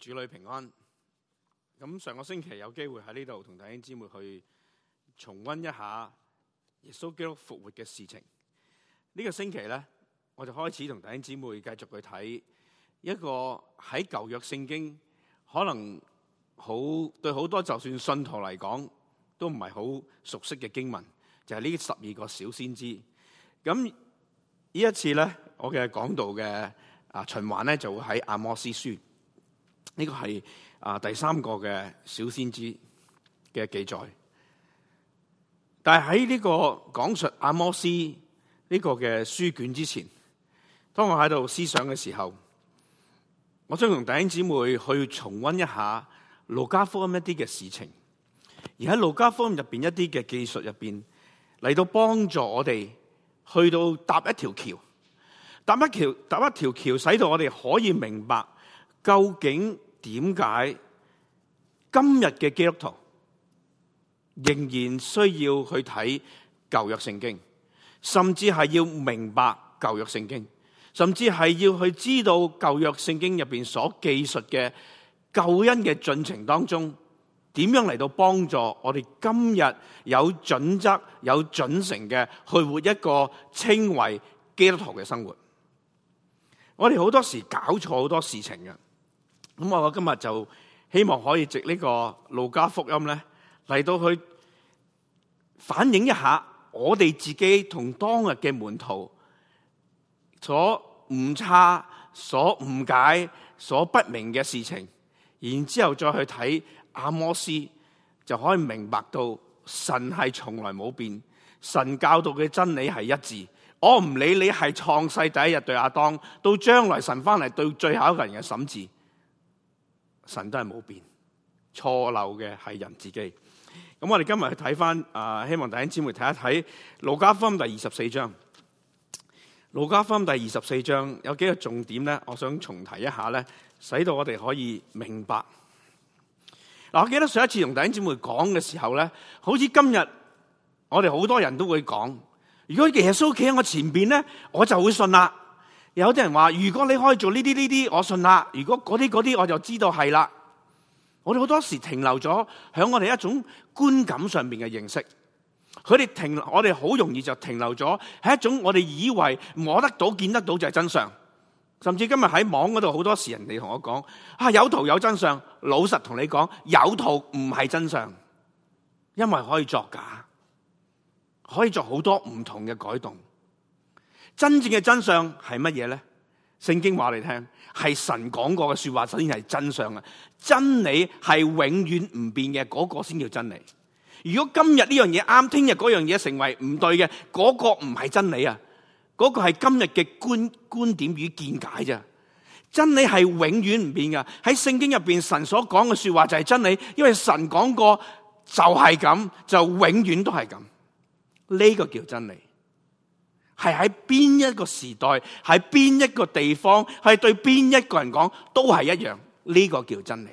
主女平安咁。上個星期有機會喺呢度同弟兄姊妹去重温一下耶穌基督復活嘅事情。呢個星期咧，我就開始同弟兄姊妹繼續去睇一個喺舊約聖經，可能好對好多就算信徒嚟講都唔係好熟悉嘅經文，就係呢十二個小先知。咁呢一次咧，我嘅講道嘅啊循環咧，就會喺阿摩司書。呢、這個係啊第三個嘅小先知嘅記載，但係喺呢個講述阿摩司呢、這個嘅書卷之前，當我喺度思想嘅時候，我想同弟兄姊妹去重温一下路加福音一啲嘅事情。而喺路加福音入邊一啲嘅技術入邊嚟，到幫助我哋去到搭一條橋，搭一條搭一,一條橋，使到我哋可以明白。究竟點解今日嘅基督徒仍然需要去睇舊約聖經，甚至係要明白舊約聖經，甚至係要去知道舊約聖經入邊所記述嘅救恩嘅進程當中，點樣嚟到幫助我哋今日有準則、有準繩嘅去活一個稱為基督徒嘅生活？我哋好多時搞錯好多事情嘅。咁我今日就希望可以藉呢個《路加福音》咧，嚟到去反映一下我哋自己同當日嘅門徒所誤差、所誤解、所不明嘅事情，然之後再去睇阿摩司，就可以明白到神係從來冇變，神教導嘅真理係一致。我唔理你係創世第一日對阿當，到將來神翻嚟對最後一個人嘅審判。神都係冇變，錯漏嘅係人自己。咁我哋今日去睇翻，啊，希望弟兄姐妹睇一睇《路加福音》第二十四章。《路加福音》第二十四章有幾個重點咧，我想重提一下咧，使到我哋可以明白。嗱，我記得上一次同弟兄姐妹講嘅時候咧，好似今日我哋好多人都會講，如果耶穌企喺我前邊咧，我就會信啦。有啲人話如果你可以做呢啲呢啲，我信啦。如果嗰啲嗰啲，我就知道係啦。我哋好多時停留咗響我哋一種觀感上面嘅認識，佢哋停留，我哋好容易就停留咗係一種我哋以為摸得到、見得到就係真相。甚至今日喺網嗰度，好多時人哋同我講啊，有圖有真相。老實同你講，有圖唔係真相，因為可以作假，可以做好多唔同嘅改動。真正嘅真相係乜嘢咧？聖經話你聽，係神講過嘅說話，首先係真相啊！真理係永遠唔變嘅，嗰個先叫真理。如果今日呢樣嘢啱，聽日嗰樣嘢成為唔對嘅，嗰個唔係真理啊！嗰個係今日嘅觀觀點與見解啫。真理係永遠唔變噶。喺聖經入邊，神所講嘅說話就係真理，因為神講過就係咁，就永遠都係咁。呢個叫真理。係喺邊一個時代，喺邊一個地方，係對邊一個人講，都係一樣。呢個叫真理。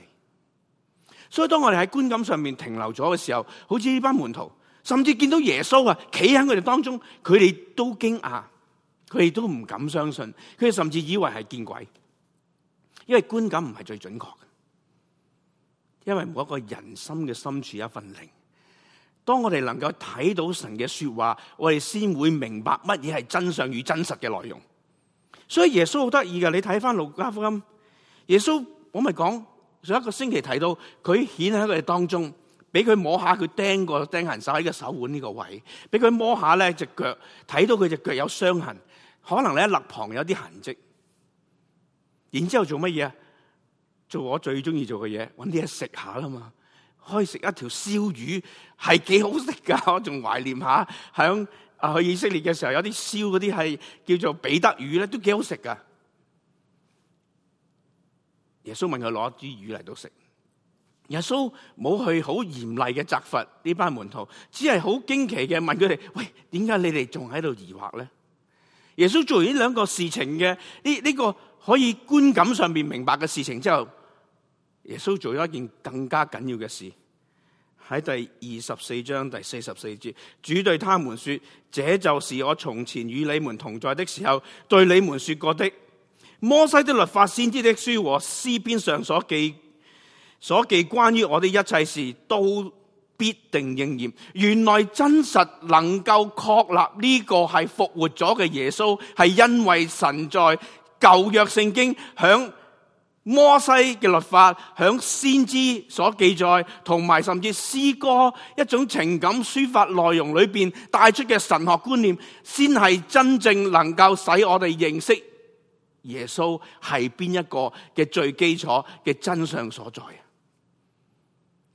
所以當我哋喺觀感上面停留咗嘅時候，好似呢班門徒，甚至見到耶穌啊，企喺佢哋當中，佢哋都驚訝，佢哋都唔敢相信，佢哋甚至以為係見鬼，因為觀感唔係最準確嘅，因為每一個人心嘅深處一份靈。當我哋能夠睇到神嘅說話，我哋先會明白乜嘢係真相與真實嘅內容。所以耶穌好得意噶，你睇翻路加福音，耶穌我咪講上一個星期提到佢顯喺佢哋當中，俾佢摸下佢釘過釘痕手喺個手腕呢個位，俾佢摸下咧隻腳，睇到佢隻腳有傷痕，可能咧肋旁有啲痕跡。然之後做乜嘢？做我最中意做嘅嘢，搵啲嘢食下啦嘛。可以食一條燒魚，係幾好食噶？我仲懷念一下，響去以色列嘅時候，有啲燒嗰啲係叫做彼得魚咧，都幾好食噶。耶穌問佢攞支魚嚟到食，耶穌冇去好嚴厲嘅責罰呢班門徒，只係好驚奇嘅問佢哋，喂，點解你哋仲喺度疑惑咧？耶穌做完呢兩個事情嘅呢，呢個可以觀感上面明白嘅事情之後。耶穌做咗一件更加緊要嘅事，喺第二十四章第四十四節，主對他們說：「這就是我從前與你們同在的時候，對你們說過的。」摩西的律法、先知的書和詩篇上所記所記關於我的一切事，都必定應驗。原來真實能夠確立呢個係復活咗嘅耶穌，係因為神在舊約聖經響。摩西嘅律法，響先知所記載，同埋甚至詩歌一種情感抒發內容裏邊帶出嘅神學觀念，先係真正能夠使我哋認識耶穌係邊一個嘅最基礎嘅真相所在。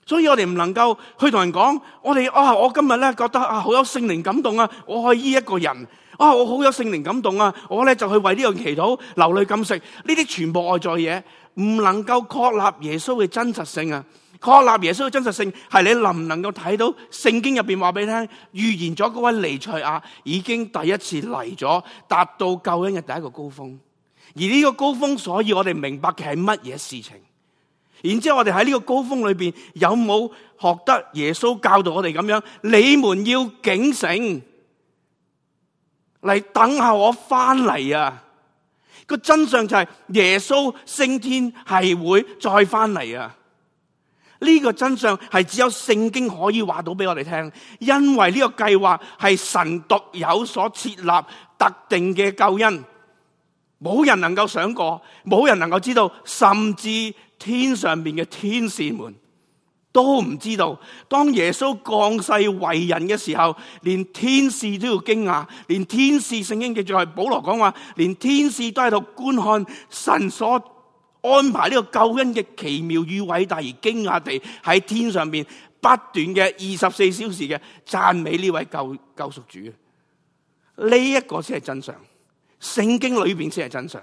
所以我哋唔能夠去同人講，我哋啊，我今日咧覺得啊，好有聖靈感動啊，我可以依一個人啊，我好有聖靈感動啊，我咧就去為呢樣祈禱流淚禁食，呢啲全部外在嘢。唔能夠確立耶穌嘅真實性啊！確立耶穌嘅真實性係你能唔能夠睇到聖經入邊話俾你聽，預言咗嗰位彌賽亞已經第一次嚟咗，達到救恩嘅第一個高峰。而呢個高峰，所以我哋明白嘅係乜嘢事情？然之後我哋喺呢個高峰裏邊有冇學得耶穌教導我哋咁樣？你們要警醒，嚟等下我翻嚟啊！個真相就係耶穌升天係會再翻嚟啊！呢個真相係只有聖經可以話到俾我哋聽，因為呢個計劃係神獨有所設立特定嘅救恩，冇人能夠想過，冇人能夠知道，甚至天上面嘅天使們。都唔知道，當耶穌降世為人嘅時候，連天使都要驚訝，連天使聖經記載係保羅講話，連天使都喺度觀看神所安排呢個救恩嘅奇妙與偉大而驚訝地喺天上面不斷嘅二十四小時嘅讚美呢位救救贖主。呢一個先係真相，聖經裏邊先係真相，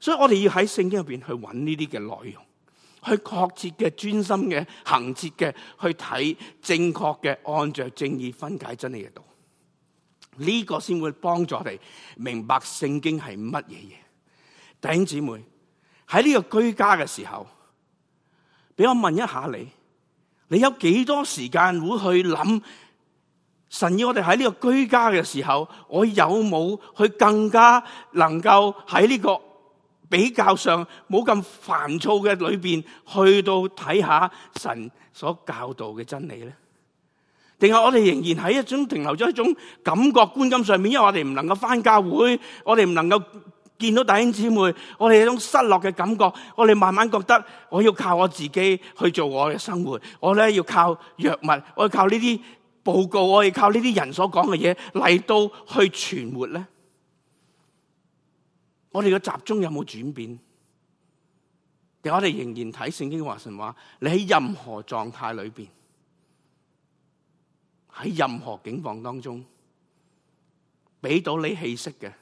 所以我哋要喺聖經入邊去揾呢啲嘅內容。去確切嘅專心嘅恆切嘅去睇正確嘅按着正義分解真理嘅道，呢個先會幫助你明白聖經係乜嘢嘢。弟兄姊妹喺呢個居家嘅時候，俾我問一下你，你有幾多時間會去諗神要我哋喺呢個居家嘅時候，我有冇去更加能夠喺呢個？比較上冇咁煩躁嘅裏邊，去到睇下神所教導嘅真理咧，定係我哋仍然喺一種停留咗一種感覺觀感上面？因為我哋唔能夠返教會，我哋唔能夠見到弟兄姊妹，我哋有一種失落嘅感覺，我哋慢慢覺得我要靠我自己去做我嘅生活，我咧要靠藥物，我要靠呢啲報告，我要靠呢啲人所講嘅嘢嚟到去存活咧。我哋嘅集中有冇轉變？但我哋仍然睇聖經、話神話，你喺任何狀態裏邊，喺任何境況當中，俾到你氣息嘅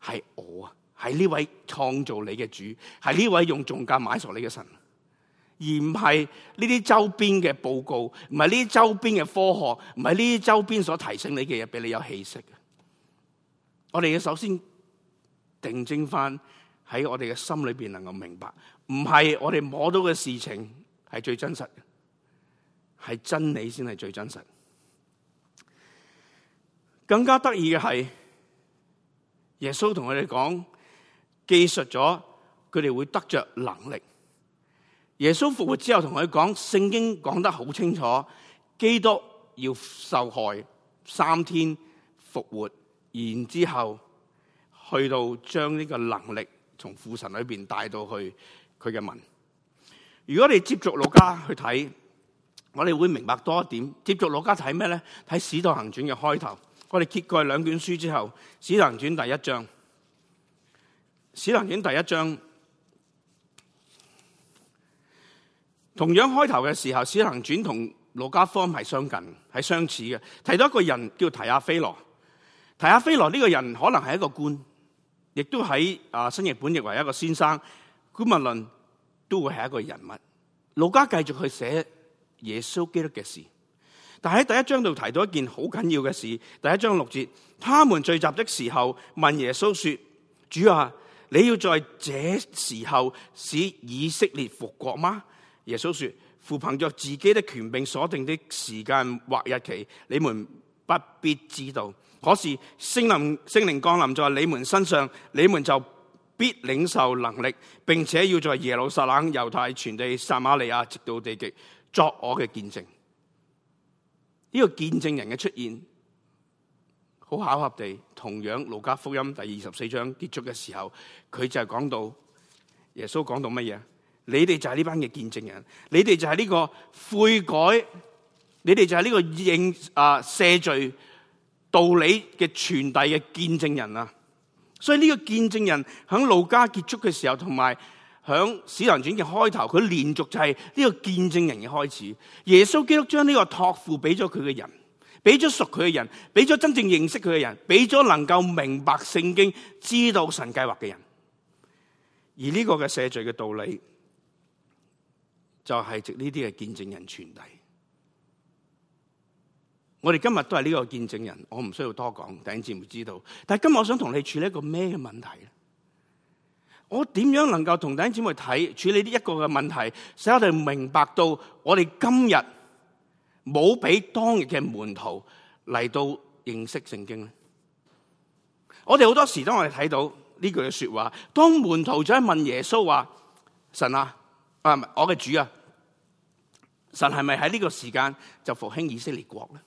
係我啊，係呢位創造你嘅主，係呢位用重價買贖你嘅神，而唔係呢啲周邊嘅報告，唔係呢啲周邊嘅科學，唔係呢啲周邊所提醒你嘅嘢俾你有氣息嘅。我哋要首先。定睛翻喺我哋嘅心裏邊，能夠明白，唔係我哋摸到嘅事情係最真實嘅，係真理先係最真實。更加得意嘅係耶穌同佢哋講，記述咗佢哋會得着能力。耶穌復活之後同佢講，聖經講得好清楚，基督要受害三天復活，然之後。去到將呢個能力從父神裏邊帶到去佢嘅民。如果你接觸路加去睇，我哋會明白多一點。接觸路加睇咩咧？睇《使徒行傳》嘅開頭。我哋揭蓋兩卷書之後，《使徒行傳》第一章，《使徒行傳》第一章同樣開頭嘅時候，《使徒行傳》同《路加方》係相近，係相似嘅。提到一個人叫提阿非羅，提阿非羅呢個人可能係一個官。亦都喺啊新譯本譯為一個先生，古物論都會係一個人物。路加繼續去寫耶穌基督嘅事，但喺第一章度提到一件好緊要嘅事。第一章六節，他們聚集的時候問耶穌說：主啊，你要在這時候使以色列復國嗎？耶穌說：父憑着自己的權柄所定的時間或日期，你們不必知道。嗰時，聖靈聖靈降臨在你們身上，你們就必領受能力。並且要在耶路撒冷、猶太、全地、撒瑪利亞，直到地極，作我嘅見證。呢、這個見證人嘅出現，好巧合地，同樣路加福音第二十四章結束嘅時候，佢就係講到耶穌講到乜嘢？你哋就係呢班嘅見證人，你哋就係呢個悔改，你哋就係呢個認啊赦罪。道理嘅傳遞嘅見證人啊，所以呢個見證人喺路加結束嘅時候，同埋響使徒行傳嘅開頭，佢連續就係呢個見證人嘅開始。耶穌基督將呢個託付俾咗佢嘅人，俾咗熟佢嘅人，俾咗真正認識佢嘅人，俾咗能夠明白聖經、知道神計劃嘅人。而呢個嘅赦罪嘅道理，就係、是、藉呢啲嘅見證人傳遞。我哋今日都係呢個見證人，我唔需要多講，弟兄姊妹知道。但係今日我想同你處理一個咩問題咧？我點樣能夠同弟兄姊妹睇處理呢一個嘅問題，使我哋明白到我哋今日冇俾當日嘅門徒嚟到認識聖經咧？我哋好多時當我哋睇到呢句嘅說話，當門徒再問耶穌話：神啊，啊唔係我嘅主啊，神係咪喺呢個時間就復興以色列國咧？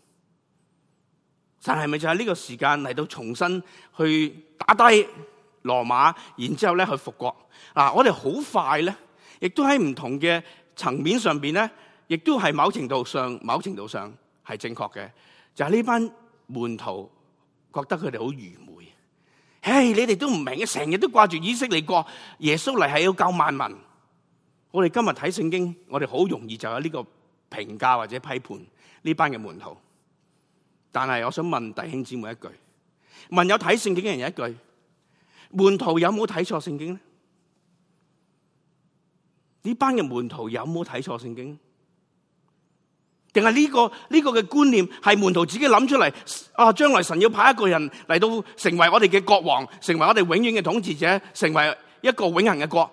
但係咪就喺呢個時間嚟到重新去打低羅馬，然之後咧去復國？嗱、啊，我哋好快咧，亦都喺唔同嘅層面上邊咧，亦都係某程度上、某程度上係正確嘅。就係、是、呢班門徒覺得佢哋好愚昧，唉，你哋都唔明嘅，成日都掛住以色列國，耶穌嚟係要救萬民。我哋今日睇聖經，我哋好容易就有呢個評價或者批判呢班嘅門徒。但係，我想問弟兄姊妹一句，問有睇聖經嘅人一句，門徒有冇睇錯聖經呢？呢班嘅門徒有冇睇錯聖經？定係呢個呢個嘅觀念係門徒自己諗出嚟？啊，將來神要派一個人嚟到成為我哋嘅國王，成為我哋永遠嘅統治者，成為一個永恒嘅國。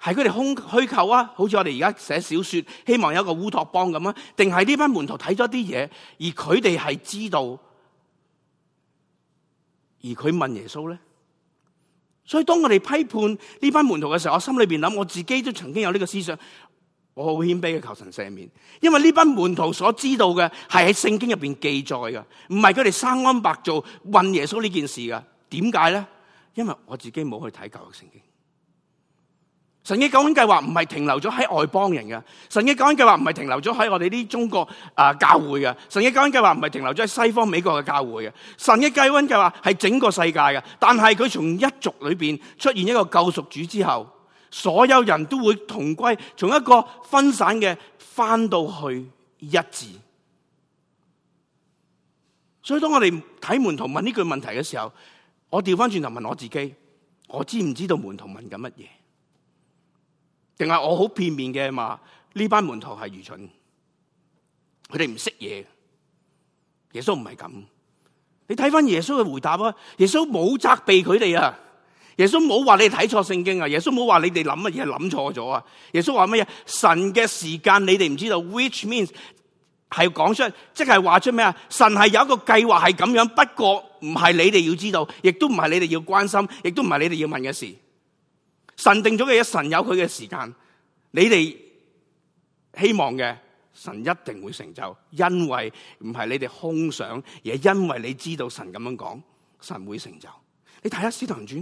係佢哋空虛構啊？好似我哋而家寫小說，希望有一個烏托邦咁啊？定係呢班門徒睇咗啲嘢，而佢哋係知道，而佢問耶穌咧。所以當我哋批判呢班門徒嘅時候，我心裏邊諗，我自己都曾經有呢個思想，我好謙卑嘅求神赦免，因為呢班門徒所知道嘅係喺聖經入邊記載嘅，唔係佢哋生安白做問耶穌呢件事噶。點解咧？因為我自己冇去睇舊約聖經。神嘅救恩計劃唔係停留咗喺外邦人嘅，神嘅救恩計劃唔係停留咗喺我哋啲中國啊教會嘅，神嘅救恩計劃唔係停留咗喺西方美國嘅教會嘅，神嘅救恩計劃係整個世界嘅。但係佢從一族裏邊出現一個救贖主之後，所有人都會同歸從一個分散嘅翻到去一致。所以當我哋睇門徒問呢句問題嘅時候，我調翻轉頭問我自己：我知唔知道門徒問緊乜嘢？定係我好片面嘅嘛？呢班門徒係愚蠢，佢哋唔識嘢。耶穌唔係咁，你睇翻耶穌嘅回答啊！耶穌冇責備佢哋啊！耶穌冇話你哋睇錯聖經啊！耶穌冇話你哋諗乜嘢諗錯咗啊！耶穌話乜嘢？神嘅時間你哋唔知道，which means 係講出，即係話出咩啊？神係有一個計劃係咁樣，不過唔係你哋要知道，亦都唔係你哋要關心，亦都唔係你哋要問嘅事。神定咗嘅嘢，神有佢嘅時間。你哋希望嘅，神一定會成就，因為唔係你哋空想，而係因為你知道神咁樣講，神會成就。你睇下《使徒行傳》，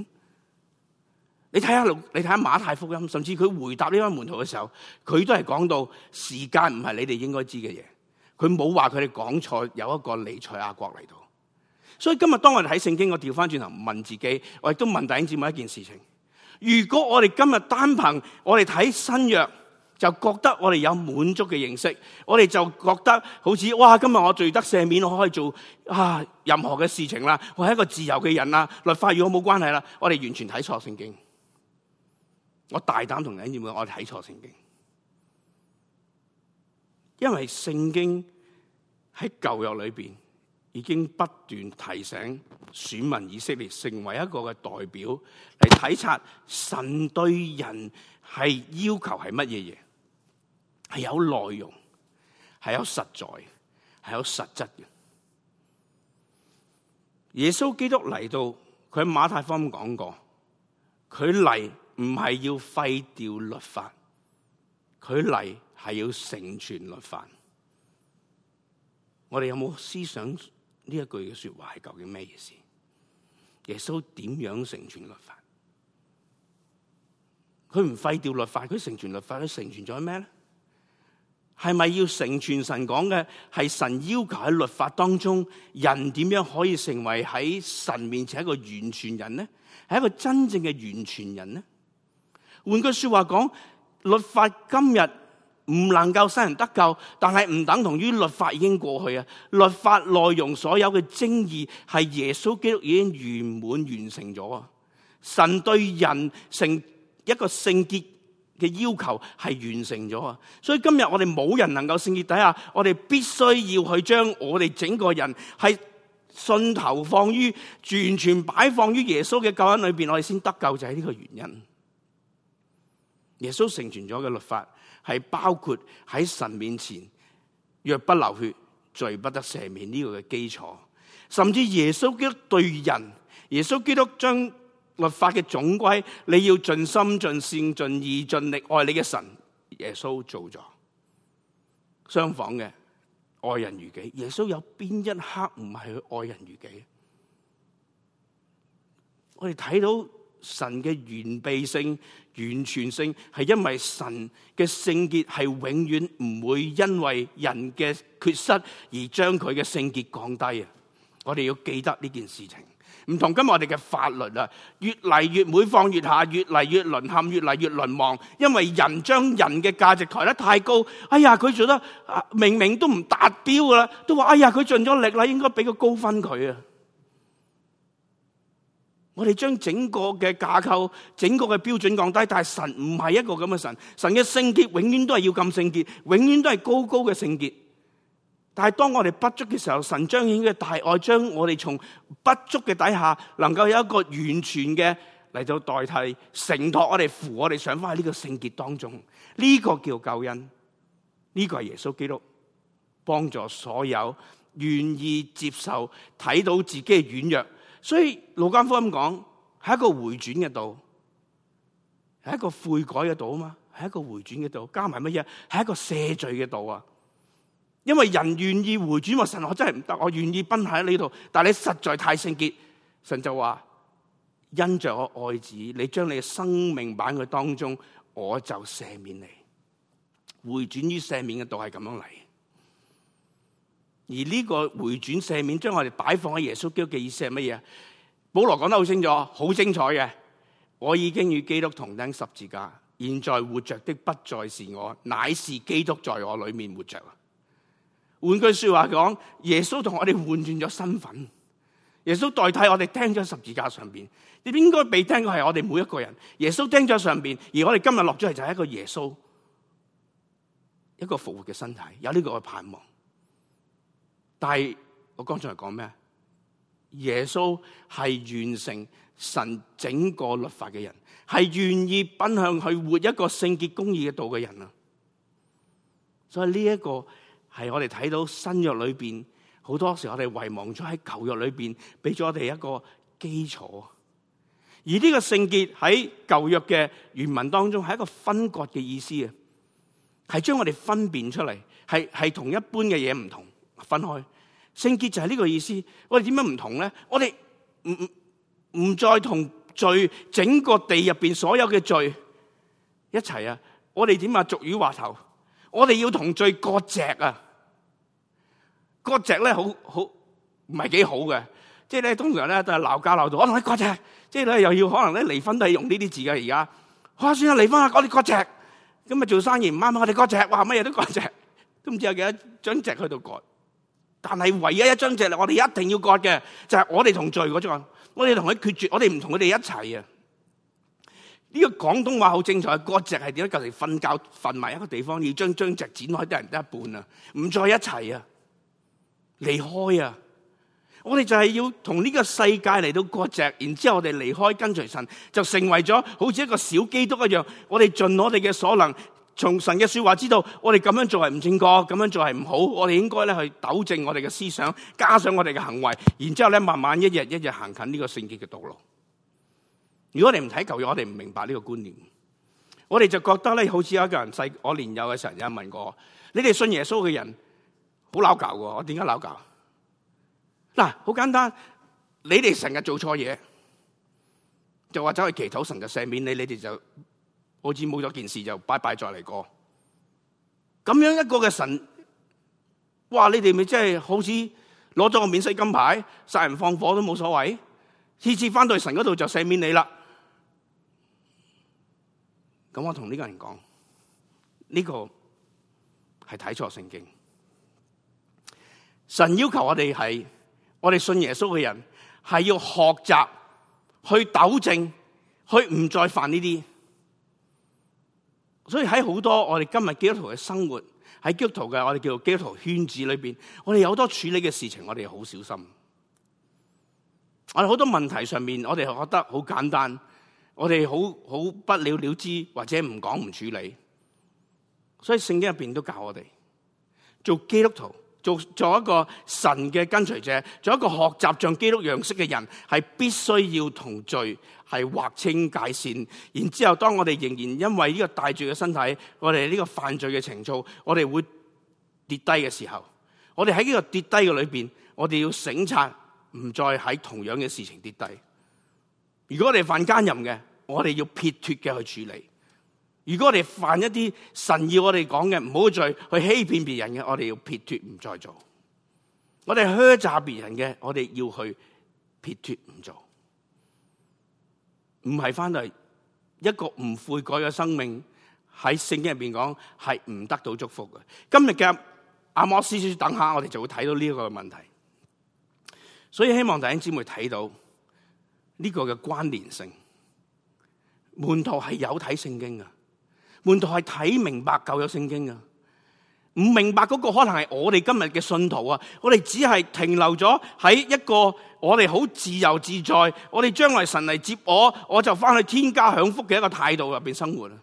你睇下《六》，你睇下《馬太福音》，甚至佢回答呢班門徒嘅時候，佢都係講到時間唔係你哋應該知嘅嘢。佢冇話佢哋講錯，有一個彌賽亞國嚟到。所以今日當我哋睇聖經，我調翻轉頭問自己，我亦都問弟兄姊妹一件事情。如果我哋今日單憑我哋睇新約，就覺得我哋有滿足嘅認識，我哋就覺得好似哇，今日我罪得赦免，我可以做啊任何嘅事情啦，我係一個自由嘅人啦，律法與我冇關係啦，我哋完全睇錯聖經。我大膽同你講，我哋睇錯聖經，因為聖經喺舊約裏邊，已經不斷提醒選民以色列成為一個嘅代表嚟體察神對人係要求係乜嘢嘢，係有內容，係有實在嘅，係有實質嘅。耶穌基督嚟到，佢喺馬太福音講過，佢嚟唔係要廢掉律法，佢嚟係要成全律法。我哋有冇思想？呢一句嘅說話係究竟咩意思？耶穌點樣成全律法？佢唔廢掉律法，佢成全律法，佢成全咗咩咧？係咪要成全神講嘅？係神要求喺律法當中，人點樣可以成為喺神面前一個完全人呢？係一個真正嘅完全人呢？換句說話講，律法今日。唔能夠使人得救，但係唔等同於律法已經過去啊！律法內容所有嘅精義係耶穌基督已經圓滿完成咗啊！神對人成一個聖潔嘅要求係完成咗啊！所以今日我哋冇人能夠聖潔底下，我哋必須要去將我哋整個人係信投放於完全擺放於耶穌嘅救恩裏邊，我哋先得救就係呢個原因。耶穌成全咗嘅律法係包括喺神面前，若不流血，罪不得赦免呢個嘅基礎。甚至耶穌基督對人，耶穌基督將律法嘅總歸，你要盡心、盡善、盡意、盡力愛你嘅神。耶穌做咗，相仿嘅愛人如己。耶穌有邊一刻唔係去愛人如己？我哋睇到。神嘅原備性、完全性，係因為神嘅聖潔係永遠唔會因為人嘅缺失而將佢嘅聖潔降低啊！我哋要記得呢件事情，唔同今日我哋嘅法律啊，越嚟越每放越下，越嚟越淪陷，越嚟越淪亡，因為人將人嘅價值抬得太高。哎呀，佢做得明明都唔達標噶啦，都話哎呀，佢盡咗力啦，應該俾個高分佢啊！我哋將整個嘅架構、整個嘅標準降低，但係神唔係一個咁嘅神。神嘅聖潔永遠都係要咁聖潔，永遠都係高高嘅聖潔。但係當我哋不足嘅時候，神彰顯嘅大愛，將我哋從不足嘅底下，能夠有一個完全嘅嚟到代替，承托我哋扶我哋上翻喺呢個聖潔當中。呢個叫救恩，呢個係耶穌基督幫助所有願意接受、睇到自己嘅軟弱。所以盧家福咁講，係一個回轉嘅道，係一個悔改嘅道啊嘛，係一個回轉嘅道，加埋乜嘢？係一個赦罪嘅道啊！因為人願意回轉，話，神我真係唔得，我願意奔喺呢度，但係你實在太聖潔，神就話因着我愛子，你將你嘅生命擺去當中，我就赦免你。回轉於赦免嘅道係咁樣嚟。而呢個回轉赦免將我哋擺放喺耶穌基督嘅意思係乜嘢啊？保羅講得好清楚，好精彩嘅。我已經與基督同釘十字架，現在活着的不再是我，乃是基督在我裏面活着。換句說話講，耶穌同我哋換轉咗身份，耶穌代替我哋釘咗十字架上邊。應該被釘嘅係我哋每一個人，耶穌釘咗上邊，而我哋今日落咗嚟就係一個耶穌，一個復活嘅身體，有呢個嘅盼望。但係我剛才講咩？耶穌係完成神整個律法嘅人，係願意奔向去活一個聖潔公義嘅道嘅人啊！所以呢一個係我哋睇到新約裏邊，好多時我哋遺忘咗喺舊約裏邊俾咗我哋一個基礎。而呢個聖潔喺舊約嘅原文當中係一個分割嘅意思啊，係將我哋分辨出嚟，係係同一般嘅嘢唔同，分開。聖潔就係呢個意思。我哋點樣唔同咧？我哋唔唔唔再同罪整個地入邊所有嘅罪一齊啊！我哋點啊？俗語話頭，我哋要同罪割席啊！割席咧，好好唔係幾好嘅。即係咧，通常咧都係鬧交鬧到可能割席，即係咧又要可能咧離婚都係用呢啲字嘅而家。哇！算啦，離婚啦，我哋割席。咁啊，做生意唔啱，我哋割席。哇！乜嘢都割席，都唔知有幾多張席喺度割。但係唯一一張席，我哋一定要割嘅就係我哋同罪嗰種人，我哋同佢決絕，我哋唔同佢哋一齊啊！呢個廣東話好精彩，割席係點解？舊時瞓覺瞓埋一個地方，要將張席剪開，得人得一半啊！唔再一齊啊，離開啊！我哋就係要同呢個世界嚟到割席，然之後我哋離開跟隨神，就成為咗好似一個小基督一樣。我哋盡我哋嘅所能。從神嘅說話知道，我哋咁樣做係唔正確，咁樣做係唔好。我哋應該咧去糾正我哋嘅思想，加上我哋嘅行為，然之後咧慢慢一日一日行近呢個聖潔嘅道路。如果你唔睇舊約，我哋唔明白呢個觀念。我哋就覺得咧，好似有一個人細我年幼嘅時候有人問過：你哋信耶穌嘅人好老舊嘅，為什麼我點解老舊？嗱、啊，好簡單，你哋成日做錯嘢，就或者去祈禱神就赦免你，你哋就。好似冇咗件事就拜拜再嚟過，咁樣一個嘅神，哇！你哋咪真係好似攞咗個免死金牌，殺人放火都冇所謂，次次翻到去神嗰度就赦免你啦。咁我同呢個人講，呢個係睇錯聖經。神要求我哋係，我哋信耶穌嘅人係要學習去糾正，去唔再犯呢啲。所以喺好多我哋今日基督徒嘅生活，喺基督徒嘅我哋叫做基督徒圈子裏邊，我哋有好多處理嘅事情，我哋好小心。我哋好多問題上面，我哋覺得好簡單，我哋好好不了了之，或者唔講唔處理。所以聖經入邊都教我哋做基督徒。做做一個神嘅跟隨者，做一個學習像基督樣式嘅人，係必須要同罪係劃清界線。然之後，當我哋仍然因為呢個帶罪嘅身體，我哋呢個犯罪嘅情操，我哋會跌低嘅時候，我哋喺呢個跌低嘅裏面，我哋要省察，唔再喺同樣嘅事情跌低。如果我哋犯奸淫嘅，我哋要撇脱嘅去處理。如果我哋犯一啲神要我哋講嘅唔好再去欺騙別人嘅，我哋要撇脱唔再做；我哋欺詐別人嘅，我哋要去撇脱唔做。唔係翻嚟一個唔悔改嘅生命，喺聖經入邊講係唔得到祝福嘅。今日嘅阿摩司書等下，我哋就會睇到呢個問題。所以希望弟兄姊妹睇到呢個嘅關聯性，門徒係有睇聖經嘅。門徒係睇明白舊約聖經㗎，唔明白嗰個可能係我哋今日嘅信徒啊！我哋只係停留咗喺一個我哋好自由自在，我哋將來神嚟接我，我就翻去天家享福嘅一個態度入邊生活啦。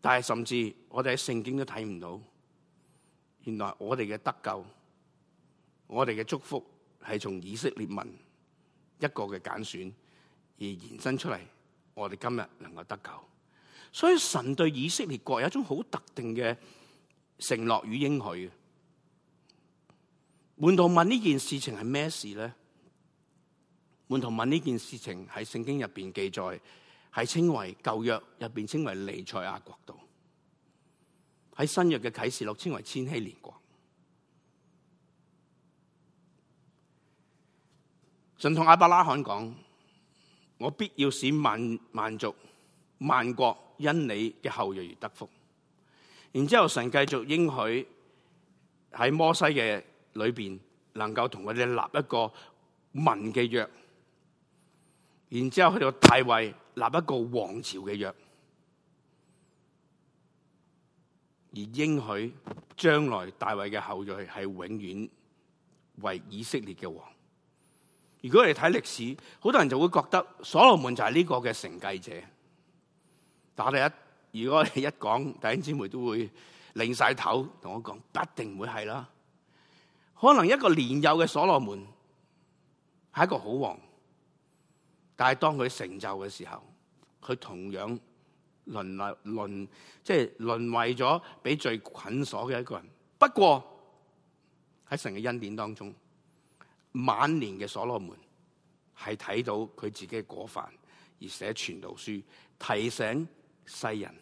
但係甚至我哋喺聖經都睇唔到，原來我哋嘅得救，我哋嘅祝福係從以色列民一個嘅揀選而延伸出嚟。我哋今日能夠得救，所以神對以色列國有一種好特定嘅承諾與應許門。門徒問呢件事情係咩事咧？門徒問呢件事情喺聖經入邊記載，係稱為舊約入邊稱為彌賽亞國度，喺新約嘅啟示錄稱為千禧年國。神同亞伯拉罕講。我必要使萬萬族、萬國因你嘅後裔而得福。然之後，神繼續應許喺摩西嘅裏邊，能夠同佢哋立一個民嘅約。然之後去到大衛立一個王朝嘅約，而應許將來大衛嘅後裔係永遠為以色列嘅王。如果你睇歷史，好多人就會覺得所羅門就係呢個嘅承繼者。但係一，如果你一講，弟兄姊妹都會擰晒頭同我講，不一定，不會係啦。可能一個年幼嘅所羅門係一個好王，但係當佢成就嘅時候，佢同樣淪落淪，即係淪為咗俾最捆鎖嘅一個人。不過喺成個恩典當中。晚年嘅所羅門係睇到佢自己嘅果范，而寫傳道書提醒世人：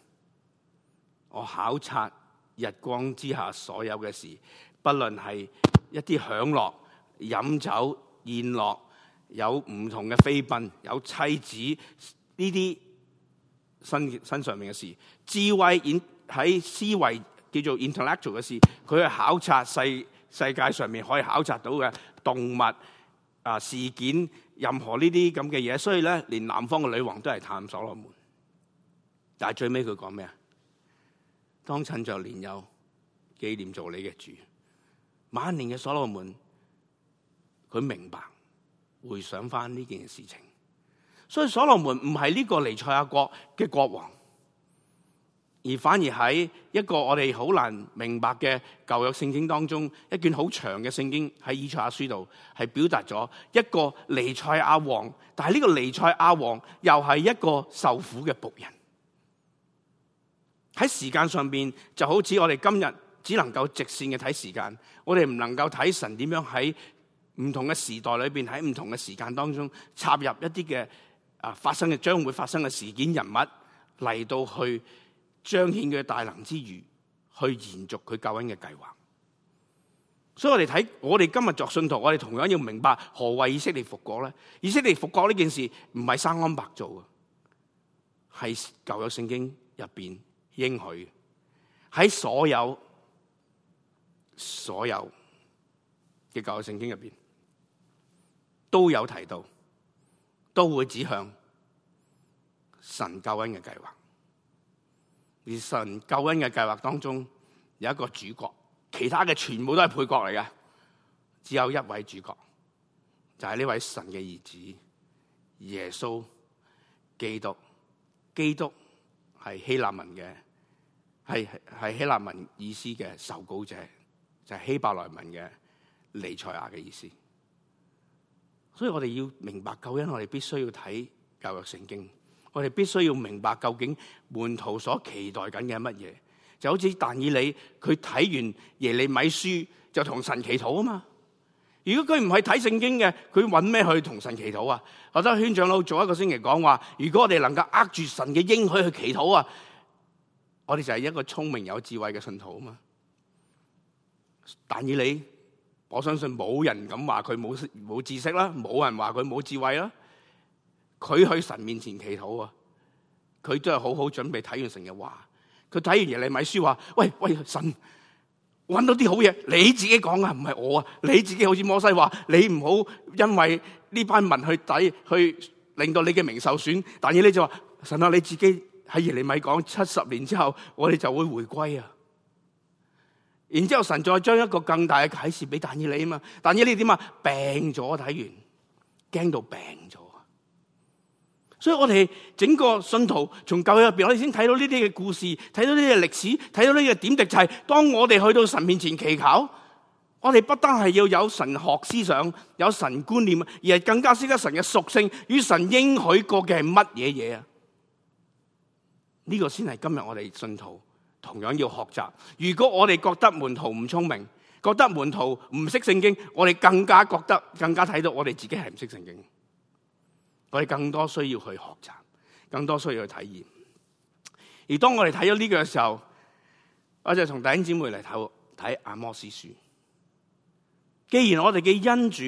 我考察日光之下所有嘅事，不論係一啲享樂、飲酒、宴樂，有唔同嘅妃嬪，有妻子呢啲身身上面嘅事，智慧喺思維叫做 intellectual 嘅事，佢係考察世世界上面可以考察到嘅。動物啊、事件、任何呢啲咁嘅嘢，所以咧，連南方嘅女王都係探索所羅門，但係最尾佢講咩啊？當趁著年幼紀念做你嘅主，晚年嘅所羅門，佢明白回想翻，呢件事情，所以所羅門唔係呢個尼賽亞國嘅國王。而反而喺一個我哋好難明白嘅舊約聖經當中，一卷好長嘅聖經喺以采阿書以賽亞書度係表達咗一個彌賽亞王，但係呢個彌賽亞王又係一個受苦嘅僕人。喺時間上邊就好似我哋今日只能夠直線嘅睇時間，我哋唔能夠睇神點樣喺唔同嘅時代裏邊喺唔同嘅時間當中插入一啲嘅啊發生嘅將會發生嘅事件人物嚟到去。彰顯佢嘅大能之餘，去延續佢救恩嘅計劃。所以我哋睇，我哋今日作信徒，我哋同樣要明白何謂以色列復國咧？以色列復國呢件事唔係生安白做嘅，係舊約聖經入邊應許。喺所有所有嘅舊約聖經入邊都有提到，都會指向神救恩嘅計劃。而神救恩嘅計劃當中有一個主角，其他嘅全部都係配角嚟嘅，只有一位主角，就係、是、呢位神嘅兒子耶穌基督。基督係希臘文嘅，係係希臘文意思嘅受膏者，就係、是、希伯來文嘅彌賽亞嘅意思。所以我哋要明白救恩，我哋必須要睇舊約聖經。我哋必須要明白究竟門徒所期待緊嘅乜嘢？就好似但以理。佢睇完耶利米書就同神祈禱啊嘛。如果佢唔係睇聖經嘅，佢揾咩去同神祈禱啊？我得圈長老早一個星期講話，如果我哋能夠握住神嘅應許去祈禱啊，我哋就係一個聰明有智慧嘅信徒啊嘛。但以理，我相信冇人敢話佢冇冇知識啦，冇人話佢冇智慧啦。佢去神面前祈禱啊！佢真係好好準備睇完成日話，佢睇完耶利米書話，喂喂，神揾到啲好嘢。你自己講啊，唔係我啊。你自己好似摩西話，你唔好因為呢班民去抵去令到你嘅名受損。但以理就話，神啊，你自己喺耶利米講七十年之後我哋就會回歸啊。然之後神再將一個更大嘅啟示俾但以理啊嘛？但以理點啊？病咗睇完，驚到病咗。所以我哋整個信徒從舊約入面，我哋先睇到呢啲嘅故事，睇到呢啲嘅歷史，睇到呢啲嘅點滴，就係、是、當我哋去到神面前祈求，我哋不單係要有神學思想、有神觀念，而係更加識得神嘅屬性與神應許過嘅係乜嘢嘢啊？呢、這個先係今日我哋嘅信徒同樣要學習。如果我哋覺得門徒唔聰明，覺得門徒唔識聖經，我哋更加覺得更加睇到我哋自己係唔識聖經。我哋更多需要去學習，更多需要去體驗。而當我哋睇咗呢個嘅時候，我就同弟兄姊妹嚟睇睇阿摩司書。既然我哋嘅恩主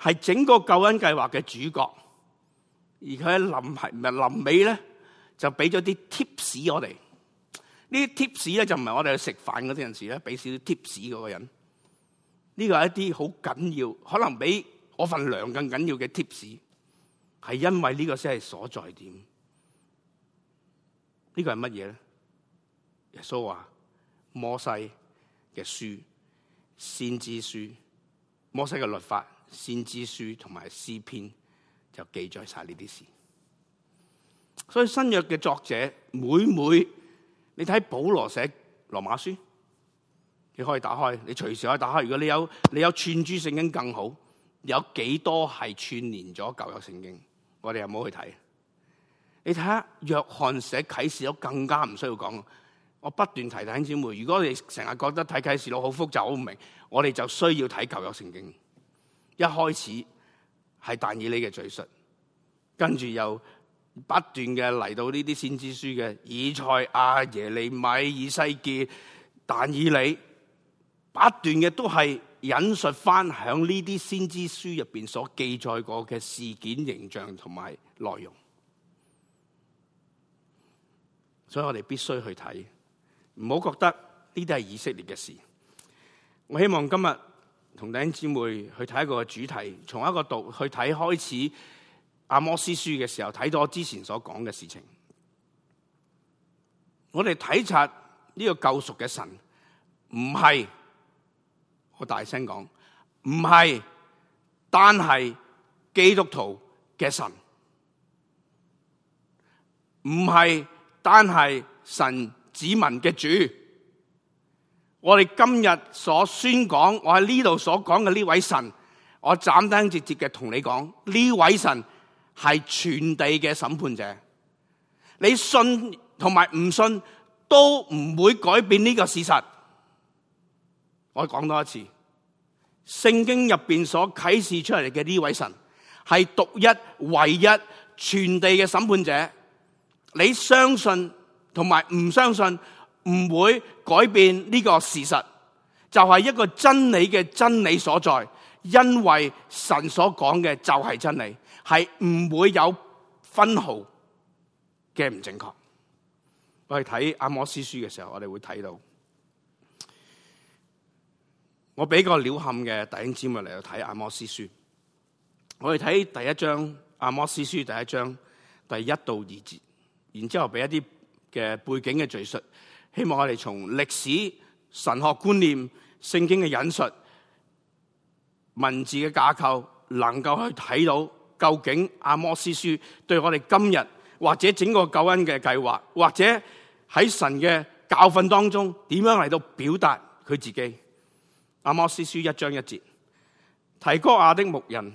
係整個救恩計劃嘅主角，而佢喺臨係唔係臨尾咧，就俾咗啲貼士我哋。呢啲貼士呢，咧就唔係我哋去食飯嗰陣時咧俾少啲貼士嗰個人。呢個係一啲好緊要，可能比我份糧更緊要嘅貼士。係因為呢個先係所在點，這個、是什麼呢個係乜嘢咧？耶穌話摩西嘅書先知書，摩西嘅律法先知書同埋詩篇就記載晒呢啲事。所以新約嘅作者每每你睇保羅寫羅馬書，你可以打開，你隨時可以打開。如果你有你有串珠聖經更好，有幾多係串聯咗舊有聖經？我哋又冇去睇，你睇下約翰寫啟示錄更加唔需要講。我不斷提弟兄姊妹，如果你成日覺得睇啟示錄好複雜好唔明，我哋就需要睇舊約聖經。一開始係但以理嘅敘述，跟住又不斷嘅嚟到呢啲先知書嘅以賽亞、耶利米、以西結、但以理，不斷嘅都係。引述翻響呢啲先知書入邊所記載過嘅事件、形象同埋內容，所以我哋必須去睇，唔好覺得呢啲係以色列嘅事。我希望今日同弟兄姊妹去睇一個主題，從一個度去睇開始阿摩司書嘅時候，睇到我之前所講嘅事情。我哋體察呢個救贖嘅神，唔係。我大聲講，唔係單是基督徒嘅神，唔係單是神子民嘅主。我哋今日所宣講，我喺呢度所講嘅呢位神，我斬釘截鐵嘅同你講，呢位神係全地嘅審判者。你信同埋唔信，都唔會改變呢個事實。我講多一次，聖經入邊所啟示出嚟嘅呢位神係獨一、唯一、全地嘅審判者。你相信同埋唔相信，唔會改變呢個事實，就係、是、一個真理嘅真理所在。因為神所講嘅就係真理，係唔會有分毫嘅唔正確。我哋睇阿摩司書嘅時候，我哋會睇到。我畀個了撼嘅大英字幕嚟，睇阿摩斯書。我哋睇第一章《阿摩斯書》第一章第一到二節，然之後俾一啲嘅背景嘅敘述，希望我哋從歷史神學觀念、聖經嘅引述、文字嘅架構，能夠去睇到究竟《阿摩斯書》對我哋今日或者整個救恩嘅計劃，或者喺神嘅教訓當中，點樣嚟到表達佢自己。阿摩司書一章一節，提哥亞的牧人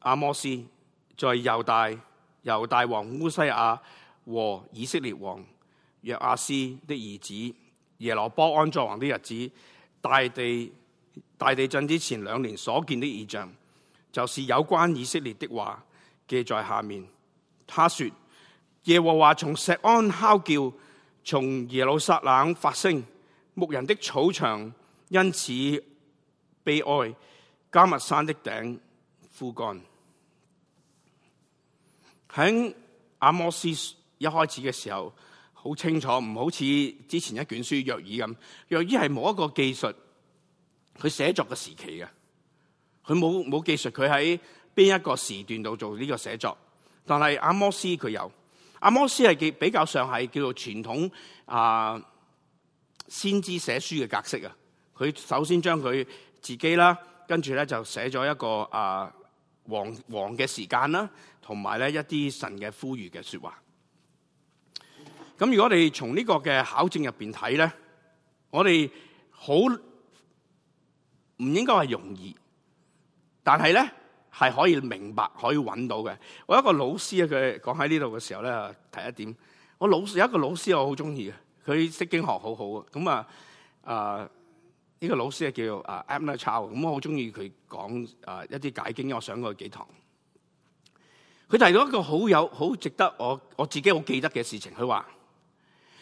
阿摩司在猶大，就是，猶大王烏西亞和以色列王約阿斯的兒子耶羅波安作王的日子，大地大地震之前兩年所見的異象，就是有關以色列的話記在下面。他說：耶和華從錫安吼叫，從耶路撒冷發聲。牧人的草場因此悲哀，加密山的頂枯乾。喺阿摩斯一開始嘅時候，好清楚唔好似之前一卷書約珥咁，約珥係冇一個技術，佢寫作嘅時期嘅，佢冇冇技術，佢喺邊一個時段度做呢個寫作。但係阿摩斯佢有，阿摩斯係比較上係叫做傳統啊。呃先知寫書嘅格式啊！佢首先將佢自己啦，跟住咧就寫咗一個啊黃黃嘅時間啦，同埋咧一啲神嘅呼籲嘅説話。咁如果你哋從呢個嘅考證入邊睇咧，我哋好唔應該係容易，但係咧係可以明白，可以揾到嘅。我有一個老師啊，佢講喺呢度嘅時候咧提一點，我老有一個老師我好鍾意嘅。佢識經學很好好啊，咁啊，啊、呃、呢、這個老師啊叫啊 Amner Chow，咁我好中意佢講啊一啲解經，因我上過他幾堂。佢提到一個好有好值得我我自己好記得嘅事情，佢話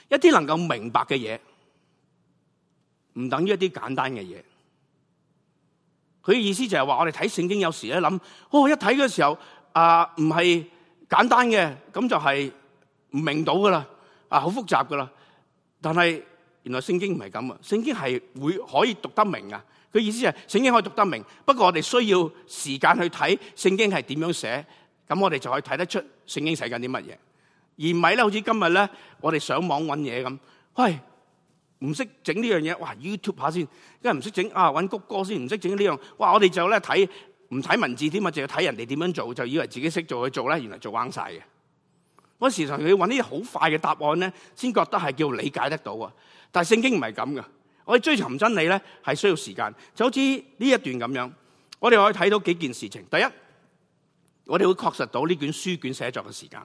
一啲能夠明白嘅嘢唔等於一啲簡單嘅嘢。佢嘅意思就係話我哋睇聖經有時一諗，哦一睇嘅時候啊唔係簡單嘅，咁就係唔明到㗎喇，啊好複雜㗎喇。但係原來聖經唔係咁啊，聖經係會可以讀得明啊。佢意思係聖經可以讀得明，不過我哋需要時間去睇聖經係點樣寫，咁我哋就可以睇得出聖經寫緊啲乜嘢。而唔係咧，好似今日咧，我哋上網搵嘢咁，喂唔識整呢樣嘢，哇 YouTube 下先，因為唔識整啊，搵谷歌先，唔識整呢樣，哇我哋就咧睇唔睇文字添啊，就要睇人哋點樣做，就以為自己識做去做咧，原來做歪晒嘅。我時常要揾啲好快嘅答案咧，先覺得係叫理解得到啊！但係聖經唔係咁噶，我哋追尋真理咧，係需要時間。就好似呢一段咁樣，我哋可以睇到幾件事情。第一，我哋會確實到呢卷書卷寫作嘅時間，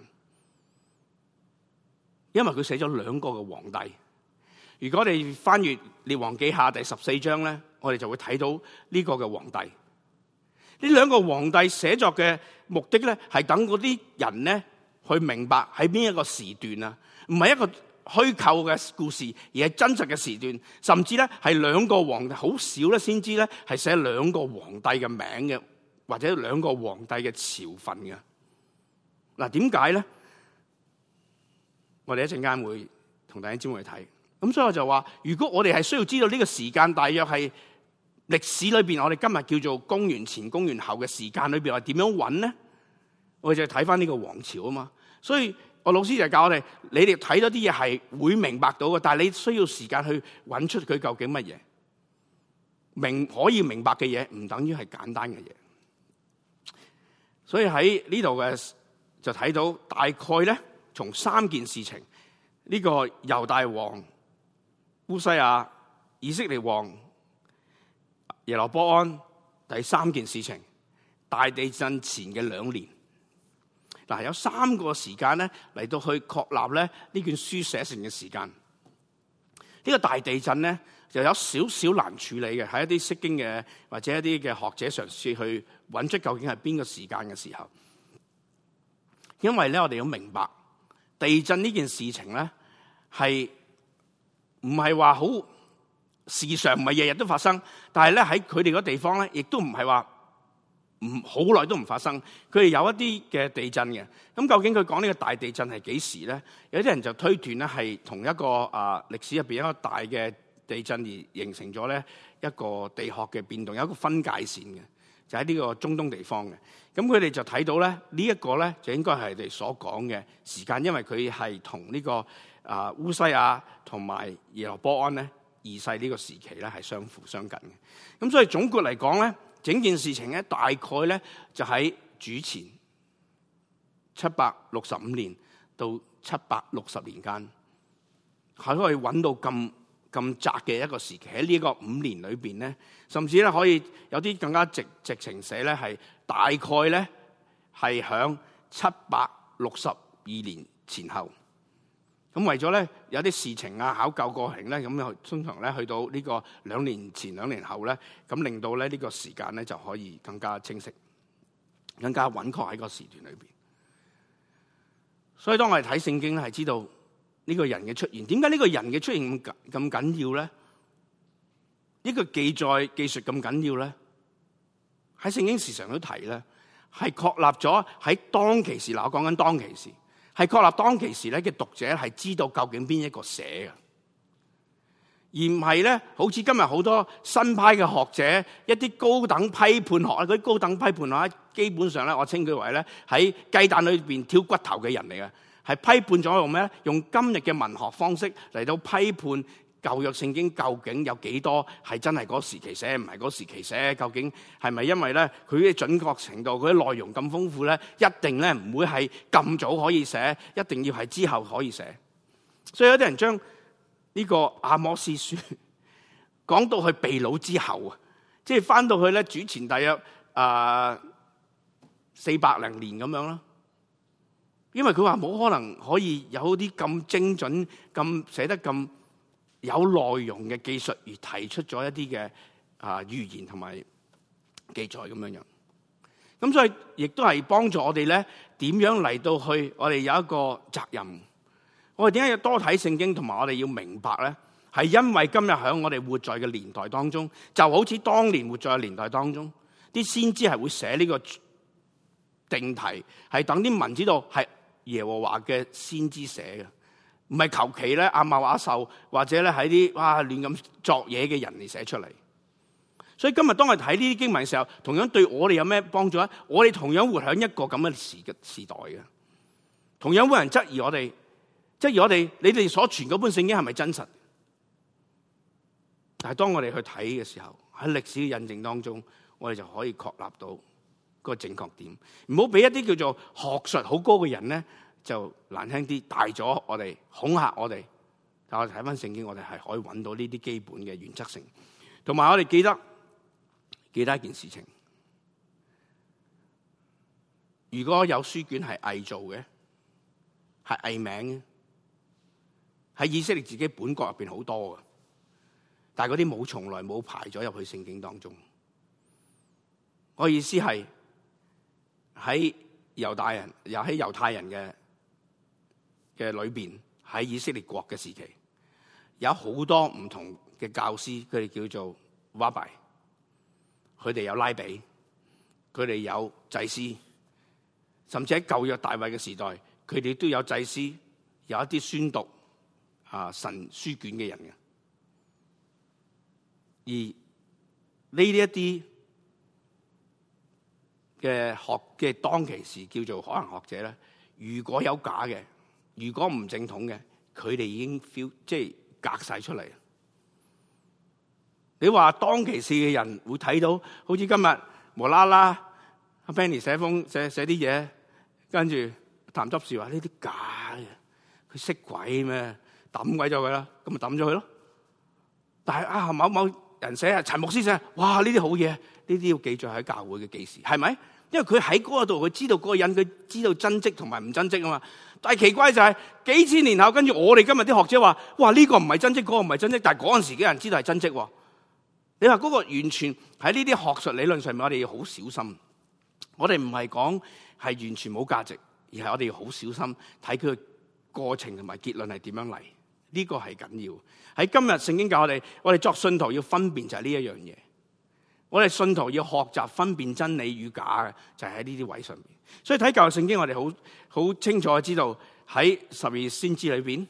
因為佢寫咗兩個嘅皇帝。如果我哋翻閱列王紀下第十四章咧，我哋就會睇到呢個嘅皇帝。呢兩個皇帝寫作嘅目的咧，係等嗰啲人咧。去明白喺邊一個時段啊，唔係一個虛構嘅故事，而係真實嘅時段，甚至咧係兩個皇帝，帝好少咧先知咧係寫兩個皇帝嘅名嘅，或者兩個皇帝嘅朝份嘅。嗱，點解咧？我哋一陣間會同大家專門去睇。咁所以我就話，如果我哋係需要知道呢個時間大約係歷史裏邊，我哋今日叫做公元前、公元後嘅時間裏邊，我哋點樣揾咧？我就睇翻呢個王朝啊嘛，所以我老師就教我哋，你哋睇到啲嘢係會明白到嘅，但係你需要時間去揾出佢究竟乜嘢明可以明白嘅嘢，唔等於係簡單嘅嘢。所以喺呢度嘅就睇到大概咧，從三件事情，呢個猶大王烏西亞、以色列王耶羅波安，第三件事情大地震前嘅兩年。嗱，有三個時間咧嚟到去確立咧呢卷書寫成嘅時間。呢個大地震咧就有少少難處理嘅，喺一啲識經嘅，或者一啲嘅學者嘗試去搵出究竟係邊個時間嘅時候。因為咧我哋要明白地震呢件事情咧係唔係話好時常，唔係日日都發生，但係咧喺佢哋嗰地方咧亦都唔係話。唔好耐都唔發生，佢哋有一啲嘅地震嘅。咁究竟佢講呢個大地震係幾時咧？有啲人就推斷咧係同一個啊歷史入邊一個大嘅地震而形成咗咧一個地殼嘅變動，有一個分界線嘅，就喺呢個中東地方嘅。咁佢哋就睇到咧呢一個咧就應該係佢所講嘅時間，因為佢係同呢個啊烏西亞同埋耶羅波安咧二世呢個時期咧係相輔相緊嘅。咁所以總括嚟講咧。整件事情大概就喺主前七百六十五年到七百六十年間，係可以揾到咁咁窄嘅一個時期喺呢個五年裏面，咧，甚至可以有啲更加直直情寫咧係大概咧係響七百六十二年前後。咁為咗咧有啲事情啊考究過程咧，咁通常咧去到呢個兩年前兩年後咧，咁令到咧呢個時間咧就可以更加清晰、更加穩確喺個時段裏邊。所以當我哋睇聖經咧，係知道呢個人嘅出現，點解呢個人嘅出現咁緊咁緊要咧？呢個記載記述咁緊要咧，喺聖經時常都提咧，係確立咗喺當其時。嗱，我講緊當其時。係確立當其時咧嘅讀者係知道究竟邊一個寫嘅，而唔係咧，好似今日好多新派嘅學者，一啲高等批判學啊，嗰啲高等批判學，基本上咧，我稱佢為咧喺雞蛋裏邊挑骨頭嘅人嚟嘅，係批判咗用咩咧？用今日嘅文學方式嚟到批判。舊約聖經究竟有幾多係真係嗰時期寫，唔係嗰時期寫？究竟係咪因為咧佢嘅準確程度，佢啲內容咁豐富咧，一定咧唔會係咁早可以寫，一定要係之後可以寫。所以有啲人將呢個阿摩司書講 到去被擄之後啊，即係翻到去咧主前大約啊四百零年咁樣咯。因為佢話冇可能可以有啲咁精準、咁寫得咁。有內容嘅技術而提出咗一啲嘅啊預言同埋記載咁樣樣，咁所以亦都係幫助我哋咧，點樣嚟到去我哋有一個責任，我哋點解要多睇聖經，同埋我哋要明白咧，係因為今日響我哋活在嘅年代當中，就好似當年活在嘅年代當中，啲先知係會寫呢個定題，係等啲文字度係耶和華嘅先知寫嘅。唔係求其咧，阿茂阿秀或者咧喺啲哇亂咁作嘢嘅人嚟寫出嚟。所以今日當我哋睇呢啲經文嘅時候，同樣對我哋有咩幫助啊？我哋同樣活喺一個咁嘅時嘅時代嘅，同樣會有人質疑我哋，質疑我哋，你哋所傳嗰本聖經係咪真實？但係當我哋去睇嘅時候，喺歷史嘅印證當中，我哋就可以確立到個正確點。唔好俾一啲叫做學術好高嘅人咧。就難聽啲，大咗我哋恐嚇我哋，但我哋睇翻聖經，我哋係可以揾到呢啲基本嘅原則性，同埋我哋記得記得一件事情，如果有書卷係偽造嘅，係偽名嘅，喺以色列自己本國入邊好多㗎，但係嗰啲冇從來冇排咗入去聖經當中。我意思係喺猶大人，又喺猶太人嘅。嘅裏邊喺以色列國嘅時期，有好多唔同嘅教師，佢哋叫做 Rabbi，佢哋有拉比，佢哋有祭司，甚至喺舊約大衛嘅時代，佢哋都有祭司，有一啲宣讀啊神書卷嘅人嘅。而呢啲一啲嘅學嘅當其時叫做可能學者咧，如果有假嘅。如果唔正統嘅，佢哋已經 feel 即係隔曬出嚟。你話當其時嘅人會睇到，好似今日無啦啦，阿 Benny 寫封寫寫啲嘢，跟住譚執事話呢啲假嘅，佢識鬼咩？抌鬼咗佢啦，咁咪抌咗佢咯。但係啊，某某人寫啊，陳牧師寫，哇呢啲好嘢，呢啲要記住喺教會嘅記事，係咪？因為佢喺嗰度，佢知道嗰個人，佢知道真跡同埋唔真跡啊嘛。但係奇怪就係幾千年後，跟住我哋今日啲學者話，哇，呢個唔係真跡，嗰個唔係真跡。但係嗰陣時嘅人知道係真跡。你話嗰個完全喺呢啲學術理論上面，我哋要好小心。我哋唔係講係完全冇價值，而係我哋要好小心睇佢過程同埋結論係點樣嚟。呢個係緊要喺今日聖經教我哋，我哋作信徒要分辨就係呢一樣嘢。我哋信徒要學習分辨真理與假嘅，就喺呢啲位上面。所以睇舊約聖經，我哋好好清楚知道喺十二先知裏邊，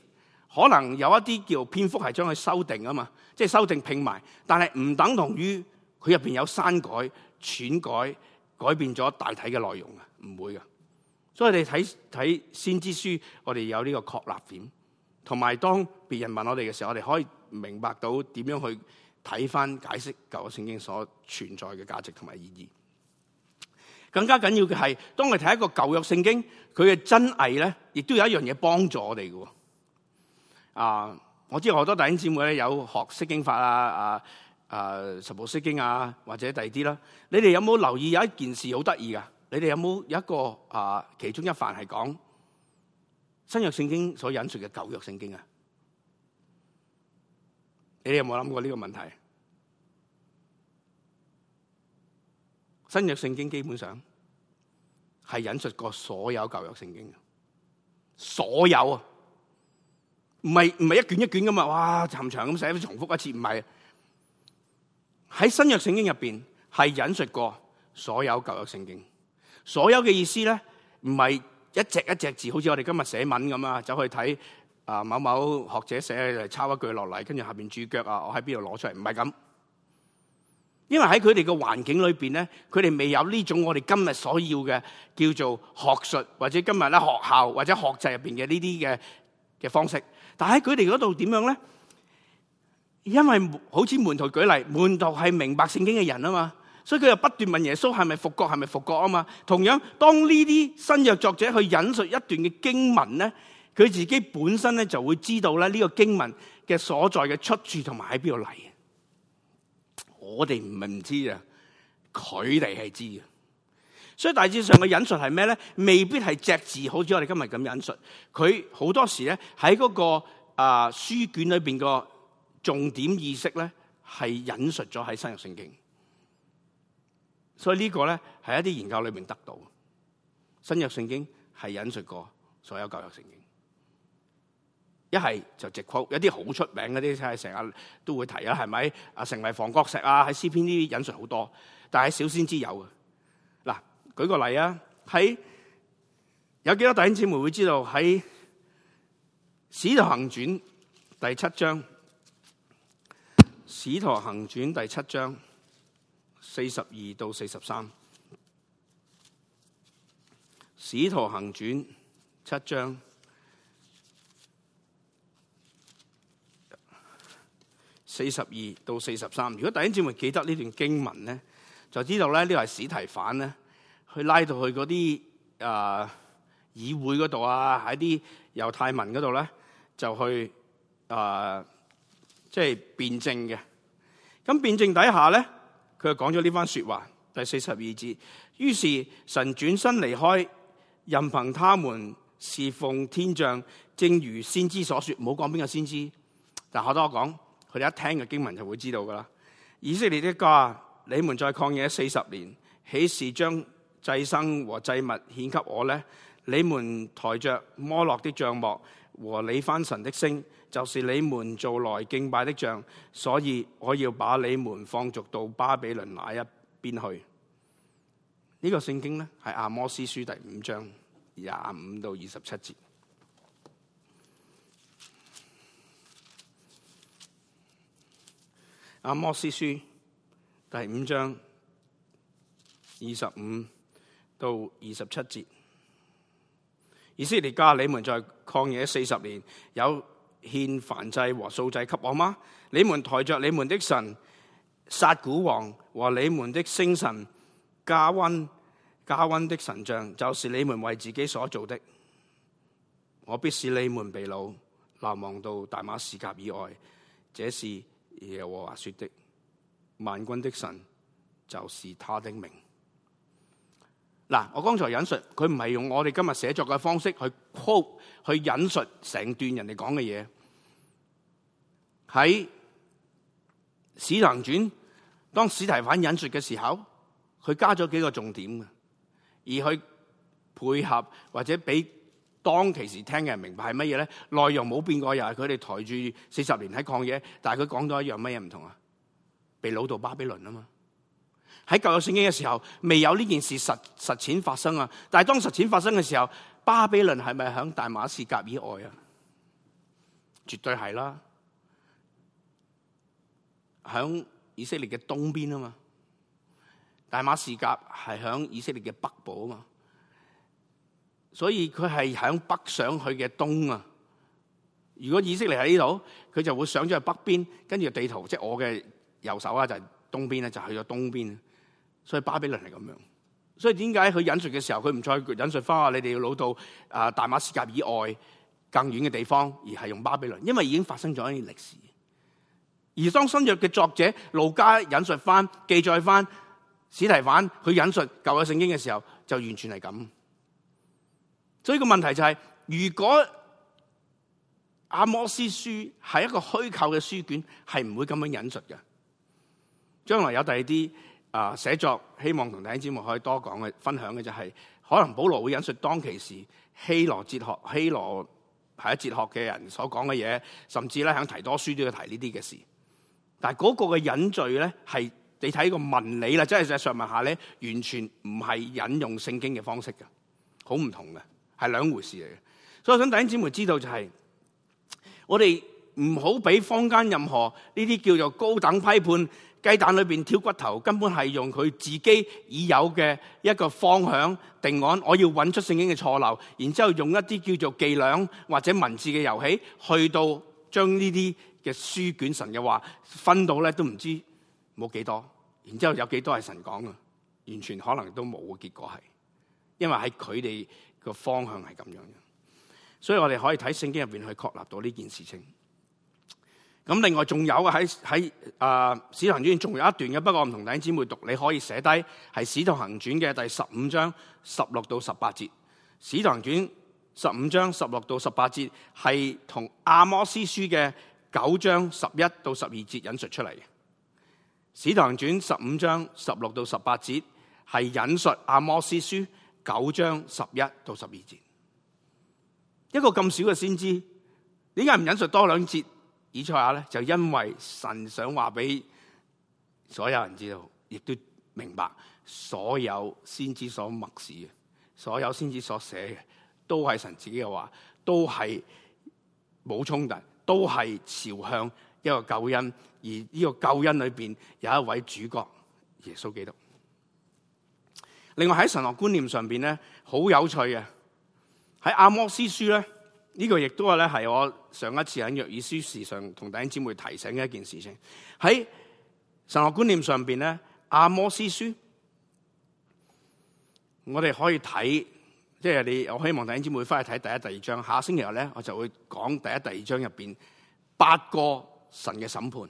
可能有一啲叫篇幅係將佢修訂啊嘛，即係修訂拼埋，但係唔等同於佢入邊有刪改、篡改、改變咗大體嘅內容啊，唔會噶。所以我哋睇睇先知書，我哋有呢個確立點，同埋當別人問我哋嘅時候，我哋可以明白到點樣去睇翻解釋舊約聖經所存在嘅價值同埋意義，更加緊要嘅係，當我哋睇一個舊約聖經，佢嘅真偽咧，亦都有一樣嘢幫助我哋嘅。啊，我知好多弟兄姊妹咧有學釋經法啊，啊啊十步釋經啊，或者第二啲啦，你哋有冇留意有一件事好得意噶？你哋有冇有一個啊？其中一範係講新約聖經所引述嘅舊約聖經啊？你哋有冇諗過呢個問題？新約聖經基本上係引述過所有舊約聖經嘅，所有啊，唔係，唔係一卷一卷咁啊。哇，尋常咁寫，重複一次唔係。喺新約聖經入邊係引述過所有舊約聖經，所有嘅意思咧唔係一隻一隻字，好似我哋今日寫文咁啊，走去睇。啊！某某學者寫嚟抄一句落嚟，跟住下邊注腳啊，我喺邊度攞出嚟？唔係咁，因為喺佢哋嘅環境裏邊咧，佢哋未有呢種我哋今日所要嘅叫做學術，或者今日咧學校或者學制入邊嘅呢啲嘅嘅方式。但喺佢哋嗰度點樣咧？因為好似門徒舉例，門徒係明白聖經嘅人啊嘛，所以佢又不斷問耶穌係咪復國，係咪復國啊嘛。同樣，當呢啲新約作者去引述一段嘅經文咧。佢自己本身咧就會知道咧呢個經文嘅所在嘅出處同埋喺邊度嚟嘅。我哋唔係唔知啊，佢哋係知嘅。所以大致上嘅引述係咩咧？未必係隻字，好似我哋今日咁引述。佢好多時咧喺嗰個啊書卷裏邊個重點意識咧係引述咗喺新約聖經。所以呢個咧係一啲研究裏邊得到新約聖經係引述過所有舊約聖經。一係就直 c 有啲好出名嗰啲，係成日都會提啦，係咪？啊，成為房角石啊，喺詩篇呢啲引述好多，但係小先知有嘅。嗱，舉個例啊，喺有幾多弟兄姊妹會知道喺《使徒行傳》第七章，《使徒行傳》第七章四十二到四十三，《使徒行傳》七章，四十二到四十三，如果弟兄姊妹記得呢段經文咧，就知道咧呢個係史提反咧，去拉到去嗰啲啊議會嗰度啊，喺啲猶太民嗰度咧，就去啊即係辯證嘅。咁辯證底下咧，佢就講咗呢番説話，第四十二節。於是神轉身離開，任憑他們侍奉天象，正如先知所説，冇講邊個先知，但係我聽我講，佢一聽嘅經文就會知道㗎喇，以色列的家，你們在曠野四十年，豈是將祭牲和祭物獻給我呢？你們抬着摩洛的帳幕和你翻神的星，就是你們做來敬拜的像，所以我要把你們放逐到巴比倫那一邊去。呢、這個聖經呢係阿摩斯書第五章廿五到二十七節。阿摩斯書第五章二十五到二十七節，以色列家，你們在曠野四十年有獻燔祭和素祭給我嗎？你們抬着你們的神，撒古王和你們的星神加温加温的神像，就是你們為自己所做的。我必使你們被擄，流亡到大馬士革以外，這是。有我話說的，萬軍的神就是他的名。嗱，我剛才引述，佢唔係用我哋今日寫作嘅方式去 quote 去引述成段人哋講嘅嘢。喺《史滕傳》，當史提反引述嘅時候，佢加咗幾個重點嘅，而去配合或者俾。當其時聽嘅人明白係乜嘢咧？內容冇變過，又係佢哋抬住四十年喺抗嘢。但係佢講到一樣乜嘢唔同啊？被擄到巴比倫啊嘛！喺舊約聖經嘅時候，未有呢件事實實踐發生啊。但係當實踐發生嘅時候，巴比倫係咪響大馬士革以外啊？絕對係啦，響以色列嘅東邊啊嘛。大馬士革係響以色列嘅北部啊嘛。所以佢係向北上去嘅東啊！如果以色列喺呢度，佢就會上咗去北邊，跟住地圖，即係我嘅右手啊，就係東邊咧，就去咗東邊。所以巴比倫係咁樣。所以點解佢引述嘅時候，佢唔再引述翻話你哋要老到啊大馬士革以外更遠嘅地方，而係用巴比倫，因為已經發生咗呢段歷史。而當新約嘅作者路加引述翻記載翻史提反，佢引述舊嘅聖經嘅時候，就完全係咁。所以這個問題就是如果阿摩斯書是一個虛構的書卷，是不會這樣引述的。將來有第二啲啊寫作，希望同弟兄姊妹可以多講嘅分享的，就是可能保羅會引述當其時希羅哲學、希羅系一哲學嘅人所講嘅嘢，甚至咧響提多書都要提這些事。但是嗰個嘅引述咧，你睇這個文理啦，即係上文下文咧，完全不是引用聖經的方式的，好不同的。係兩回事嚟嘅，所以我想弟兄姊妹知道就係、是、我哋唔好俾坊間任何呢啲叫做高等批判雞蛋裏邊挑骨頭，根本係用佢自己已有嘅一個方向定案，我要揾出聖經嘅錯漏，然之後用一啲叫做伎倆或者文字嘅遊戲，去到將呢啲嘅書卷神嘅話分到咧都唔知冇幾多少，然之後有幾多係神講嘅，完全可能都冇嘅。結果係因為喺佢哋。個方向係咁樣嘅，所以我哋可以睇聖經入邊去確立到呢件事情。咁另外仲有喺喺啊《使徒行傳》仲有一段嘅，不過唔同弟兄姊妹讀，你可以寫低係《使徒行傳》嘅第十五章十六到十八節，《使徒行傳》十五章十六到十八節係同《阿摩司書》嘅九章十一到十二節引述出嚟嘅，《使徒行傳》十五章十六到十八節係引述《阿摩司書》。九章十一到十二節，一個咁少嘅先知，點解唔引述多兩節以賽亞咧？就因為神想話俾所有人知道，亦都明白所有先知所默示嘅，所有先知所寫嘅，都係神自己嘅話，都係冇衝突，都係朝向一個救恩，而呢個救恩裏邊有一位主角耶穌基督。另外喺神學觀念上邊咧，好有趣嘅，喺阿摩司書咧，呢個亦都係咧係我上一次喺約珥書事上同弟兄姐妹提醒嘅一件事情。喺神學觀念上邊咧，阿摩司書我哋可以睇，即係你，我希望弟兄姐妹翻去睇第一、第二章。下星期日咧，我就會講第一、第二章入邊八個神嘅審判，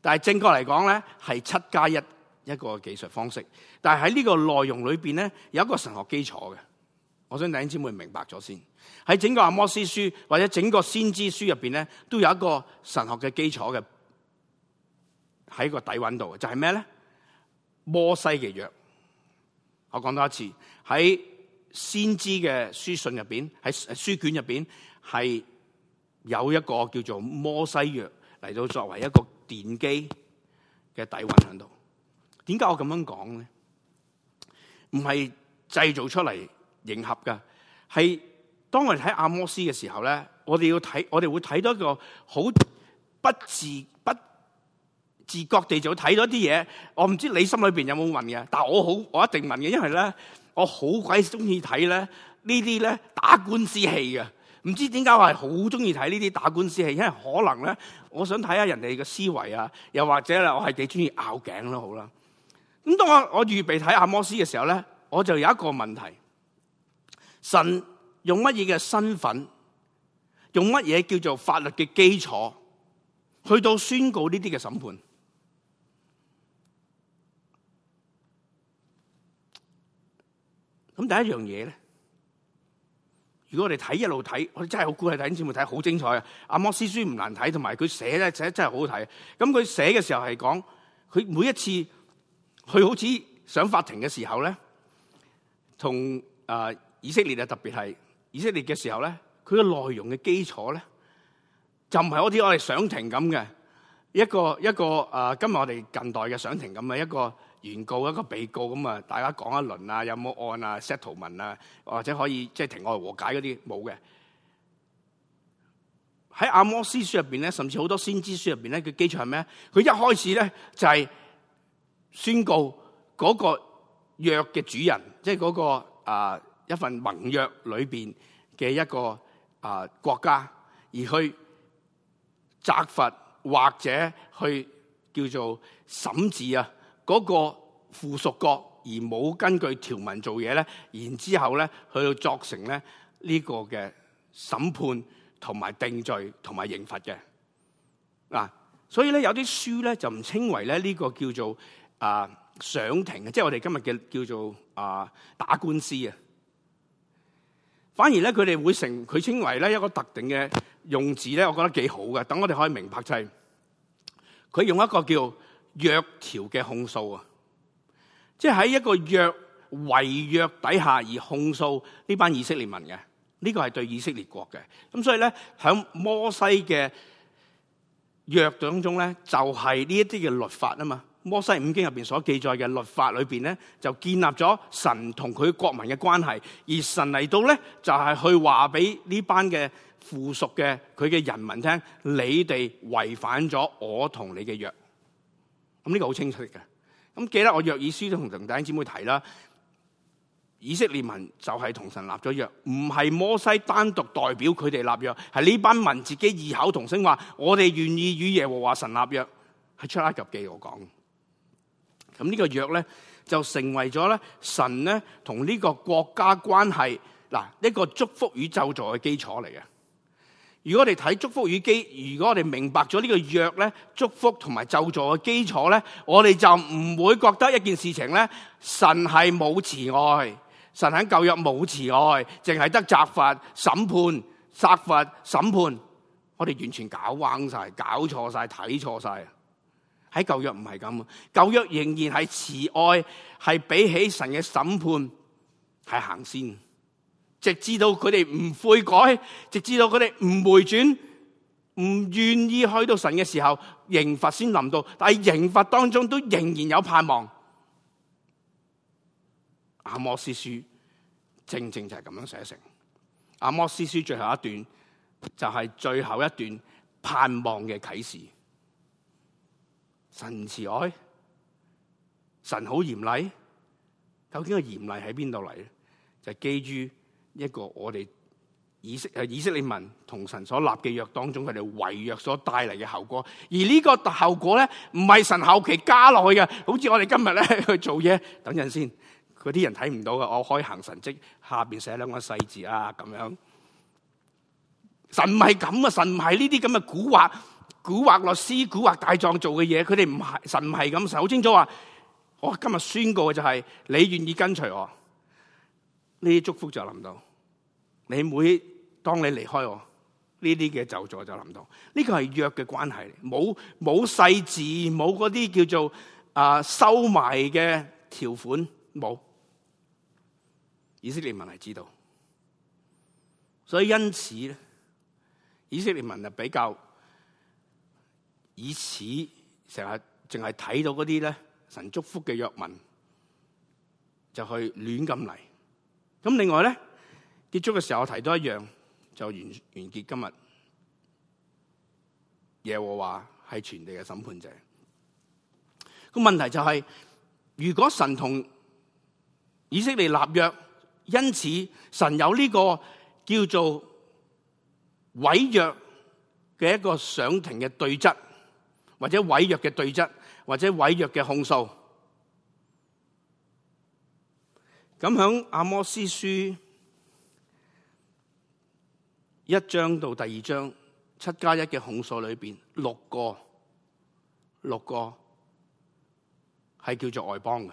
但係正確嚟講咧係七加一。一個技術方式，但係喺呢個內容裏邊咧，有一個神學基礎嘅。我想弟兄姊妹明白咗先。喺整個阿摩司書或者整個先知書入邊咧，都有一個神學嘅基礎嘅，喺個底蘊度就係咩咧？摩西嘅約。我講多一次。喺先知嘅書信入邊，喺書卷入邊，係有一個叫做摩西約，嚟到作為一個奠基嘅底蘊喺度。點解我咁樣講咧？唔係製造出嚟迎合噶，係當我哋睇阿摩斯嘅時候咧，我哋要睇，我哋會睇到一個好不自不自覺地就睇到啲嘢。我唔知你心裏邊有冇問嘅，但係我好，我一定問嘅，因為咧，我好鬼中意睇咧呢啲咧打官司戲嘅。唔知點解我係好中意睇呢啲打官司戲，因為可能咧，我想睇下人哋嘅思維啊，又或者啦，我係幾中意拗頸啦，好啦。咁當我我預備睇阿摩斯嘅時候咧，我就有一個問題：神用乜嘢嘅身份，用乜嘢叫做法律嘅基礎，去到宣告呢啲嘅審判？咁第一樣嘢咧，如果我哋睇一路睇，我哋真係好鼓勵睇呢節目，睇好精彩啊！阿摩斯書唔難睇，同埋佢寫咧寫得真係好好睇。咁佢寫嘅時候係講佢每一次。佢好似上法庭嘅時候咧，同啊、呃、以色列啊，特別係以色列嘅時候咧，佢嘅內容嘅基礎咧，就唔係好似我哋上庭咁嘅一個一個啊、呃，今日我哋近代嘅上庭咁嘅一個原告一個被告咁啊，大家講一輪啊，有冇案啊 settlement 啊，或者可以即係庭外和解嗰啲冇嘅。喺阿摩司書入邊咧，甚至好多先知書入邊咧，佢基礎係咩？佢一開始咧就係、係。宣告嗰個約嘅主人，即係嗰個啊、呃、一份盟約裏邊嘅一個啊、呃、國家，而去責罰或者去叫做審治啊嗰、那個附屬國，而冇根據條文做嘢咧，然之後咧去作成咧呢、這個嘅審判同埋定罪同埋刑罰嘅嗱，所以咧有啲書咧就唔稱為咧呢個叫做。啊，上庭啊，即係我哋今日嘅叫做啊打官司啊，反而咧佢哋會成佢稱為咧一個特定嘅用字咧，我覺得幾好嘅。等我哋可以明白就係、是，佢用一個叫做約條嘅控訴啊，即係喺一個約違約底下而控訴呢班以色列民嘅，呢、這個係對以色列國嘅。咁所以咧響摩西嘅約當中咧，就係呢一啲嘅律法啊嘛。摩西五經入邊所記載嘅律法裏邊咧，就建立咗神同佢國民嘅關係，而神嚟到咧就係去話俾呢班嘅附屬嘅佢嘅人民聽，你哋違反咗我同你嘅約。咁呢個好清晰嘅。咁記得我約爾書都同弟兄姐妹提啦，以色列民就係同神立咗約，唔係摩西單獨代表佢哋立約，係呢班民自己異口同聲話，我哋願意與耶和華神立約，係出埃及記我講。咁、這、呢個約咧就成為咗咧神咧同呢個國家關係嗱一個祝福與咒詛嘅基礎嚟嘅。如果我哋睇祝福與基，如果我哋明白咗呢個約咧祝福同埋咒詛嘅基礎咧，我哋就唔會覺得一件事情咧神係冇慈愛，神喺舊約冇慈愛，淨係得責罰、審判、責罰、審判，我哋完全搞彎晒、搞錯晒、睇錯晒。喺舊約唔係咁，舊約仍然係慈愛，係比起神嘅審判係行先，直至到佢哋唔悔改，直至到佢哋唔回轉，唔願意去到神嘅時候，刑罰先臨到。但係刑罰當中都仍然有盼望。阿摩司書正正就係咁樣寫成。阿摩司書最後一段就係、是、最後一段盼望嘅啟示。神慈愛，神好嚴厲，究竟個嚴厲喺邊度嚟咧？就係基於一個我哋以色，誒，以色列民同神所立嘅約當中，佢哋違約所帶嚟嘅後果。而呢個後果咧，唔係神後期加落去嘅，好似我哋今日咧去做嘢。等陣先，嗰啲人睇唔到嘅，我可以行神跡，下邊寫兩個細字啊，咁樣。神唔係咁啊，神唔係呢啲咁嘅古惑。古惑律師，古惑大狀做嘅嘢，佢哋唔係神唔係咁神，好清楚話。我今日宣告嘅就係、是，你願意跟隨我，呢啲祝福就臨到。你每當你離開我，呢啲嘅咒詛就臨到。呢、這個係約嘅關係，冇冇細字，冇嗰啲叫做啊收埋嘅條款，冇。以色列文係知道，所以因此咧，以色列文就比較。以此成日淨係睇到嗰啲咧神祝福嘅約文，就去亂咁嚟。咁另外咧結束嘅時候，我提到一樣就完完結今日。耶和華係全地嘅審判者。個問題就係，如果神同以色列立約，因此神有呢個叫做毀約嘅一個上庭嘅對質。或者毀約嘅對質，或者毀約嘅控訴。咁響阿摩司書一章到第二章七加一嘅控訴裏邊，六個六個係叫做外邦嘅，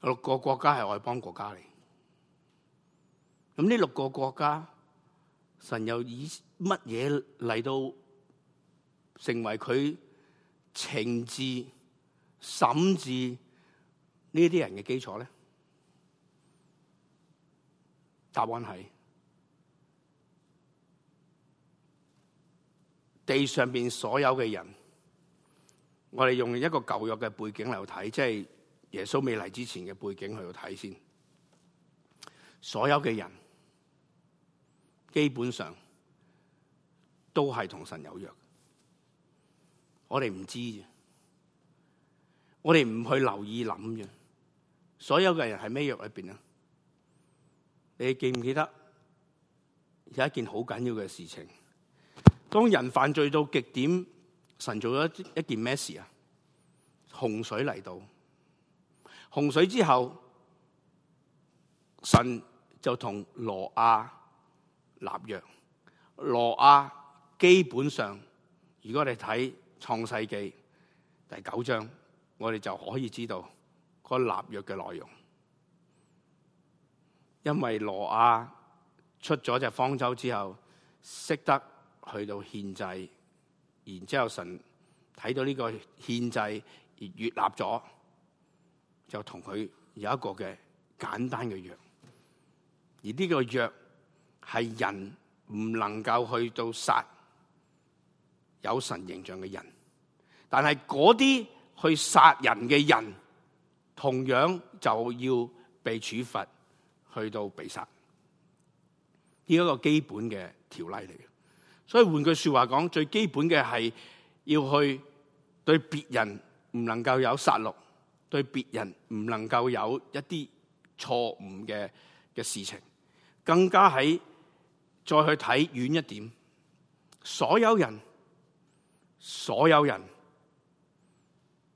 六個國家係外邦國家嚟。咁呢六個國家，神又以乜嘢嚟到？成為佢懲治、審治呢啲人嘅基礎咧？答案係地上邊所有嘅人，我哋用一個舊約嘅背景嚟度睇，即係耶穌未嚟之前嘅背景去度睇先。所有嘅人基本上都係同神有約。我哋唔知道，我哋唔去留意諗。所有嘅人係咩藥裏邊？你記唔記得有一件好緊要嘅事情？當人犯罪到極點，神做咗一件咩事？洪水嚟到，洪水之後，神就同羅亞立約，約。羅亞基本上，如果你看睇。創世紀第九章，我哋就可以知道個立約嘅內容，因為挪亞出咗隻方舟之後，識得去到獻祭。然之後神睇到呢個獻祭悅納咗，就同佢有一個嘅簡單嘅約，而呢個約係人唔能夠去到殺有神形象嘅人，但係嗰啲去殺人嘅人，同樣就要被處罰，去到被殺，呢一個基本嘅條例嚟嘅。所以換句說話講，最基本嘅係要去對別人唔能夠有殺戮，對別人唔能夠有一啲錯誤嘅嘅事情，更加喺再去睇遠一點，所有人。所有人，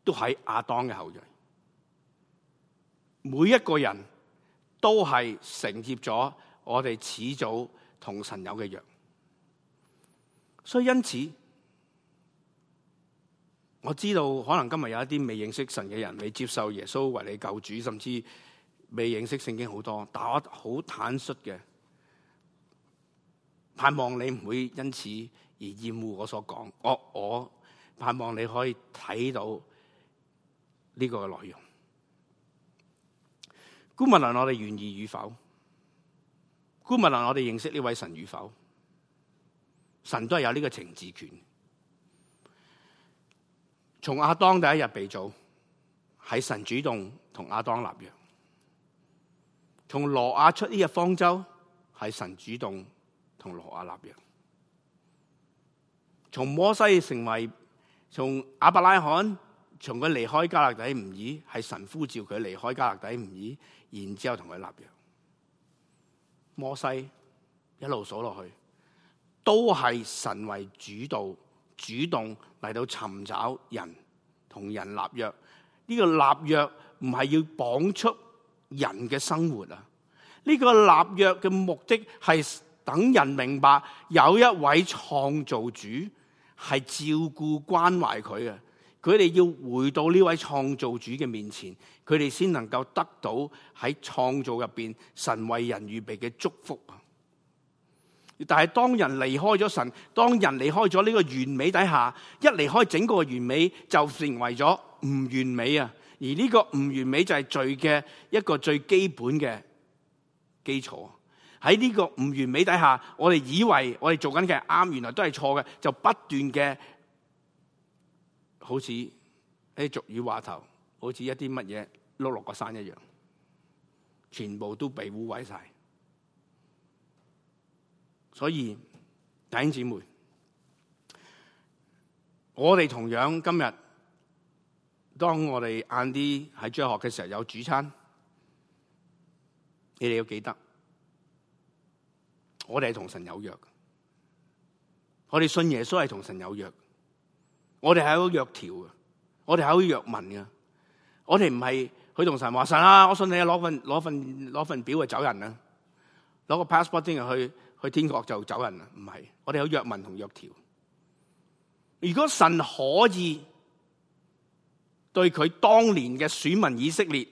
都喺亞當嘅後裔，每一個人都係承接咗我哋始祖同神有嘅約，所以因此，我知道可能今日有一啲未認識神嘅人，未接受耶穌為你救主，甚至未認識聖經好多，但我好坦率嘅，盼望你唔會因此。而厭惡我所講，我我盼望你可以睇到呢個內容。姑勿論我哋願意與否，姑勿論我哋認識呢位神與否，神都係有呢個情治權。從亞當第一日被造，係神主動同亞當立約；從挪亞出呢日方舟，係神主動同挪亞立約。從摩西成為，從亞伯拉罕，從佢離開迦勒底吾珥，係神呼召佢離開迦勒底吾珥，然之後同佢立約。摩西一路數落去，都係神為主導、主動嚟到尋找人，同人立約。呢個立約唔係要綁束人嘅生活啊，呢個立約嘅目的係等人明白有一位創造主。係照顧關懷佢嘅，佢哋要回到呢位創造主嘅面前，佢哋先能夠得到喺創造入邊神為人預備嘅祝福啊！但係當人離開咗神，當人離開咗呢個完美底下，一離開整個完美就成為咗唔完美啊！而呢個唔完美就係罪嘅一個最基本嘅基礎。喺呢個唔完美底下，我哋以為我哋做緊嘅啱，原來都係錯嘅，就不斷嘅好似啲俗語話頭，好似一啲乜嘢碌落個山一樣，全部都被污毀晒。所以弟兄姊妹，我哋同樣今日，當我哋晏啲喺中學嘅時候有主餐，你哋要記得。我哋係同神有約，我哋信耶穌係同神有約。我哋係好個約條嘅，我哋係好個約文嘅。我哋唔係去同神話神啊，我信你啊，攞份攞份攞份表去走人啦，攞個 passport 聽日去去天國就走人啦。唔係，我哋有約文同約條。如果神可以對佢當年嘅選民以色列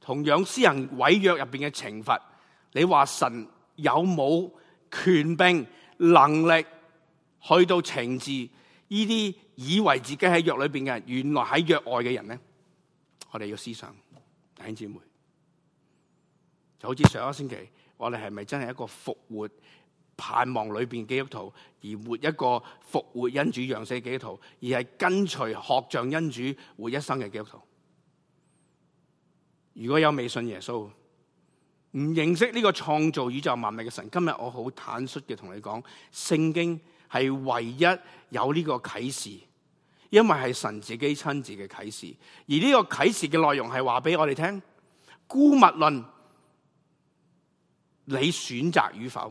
同樣施行毀約入邊嘅懲罰，你話神有冇？權柄、能力，去到懲治，呢啲以為自己喺約裏邊嘅人，原來喺約外嘅人咧，我哋要思想，弟兄姊妹，就好似上個星期，我哋係咪真係一個復活盼望裏邊基督徒，而活一個復活恩主樣式基督徒，而係跟隨學像恩主活一生嘅基督徒，如果有未信耶穌，唔認識呢個創造宇宙萬物嘅神，今日我好坦率嘅同你講，聖經係唯一有呢個啟示，因為係神自己親自嘅啟示。而呢個啟示嘅內容係話俾我哋聽，孤物論，你選擇與否，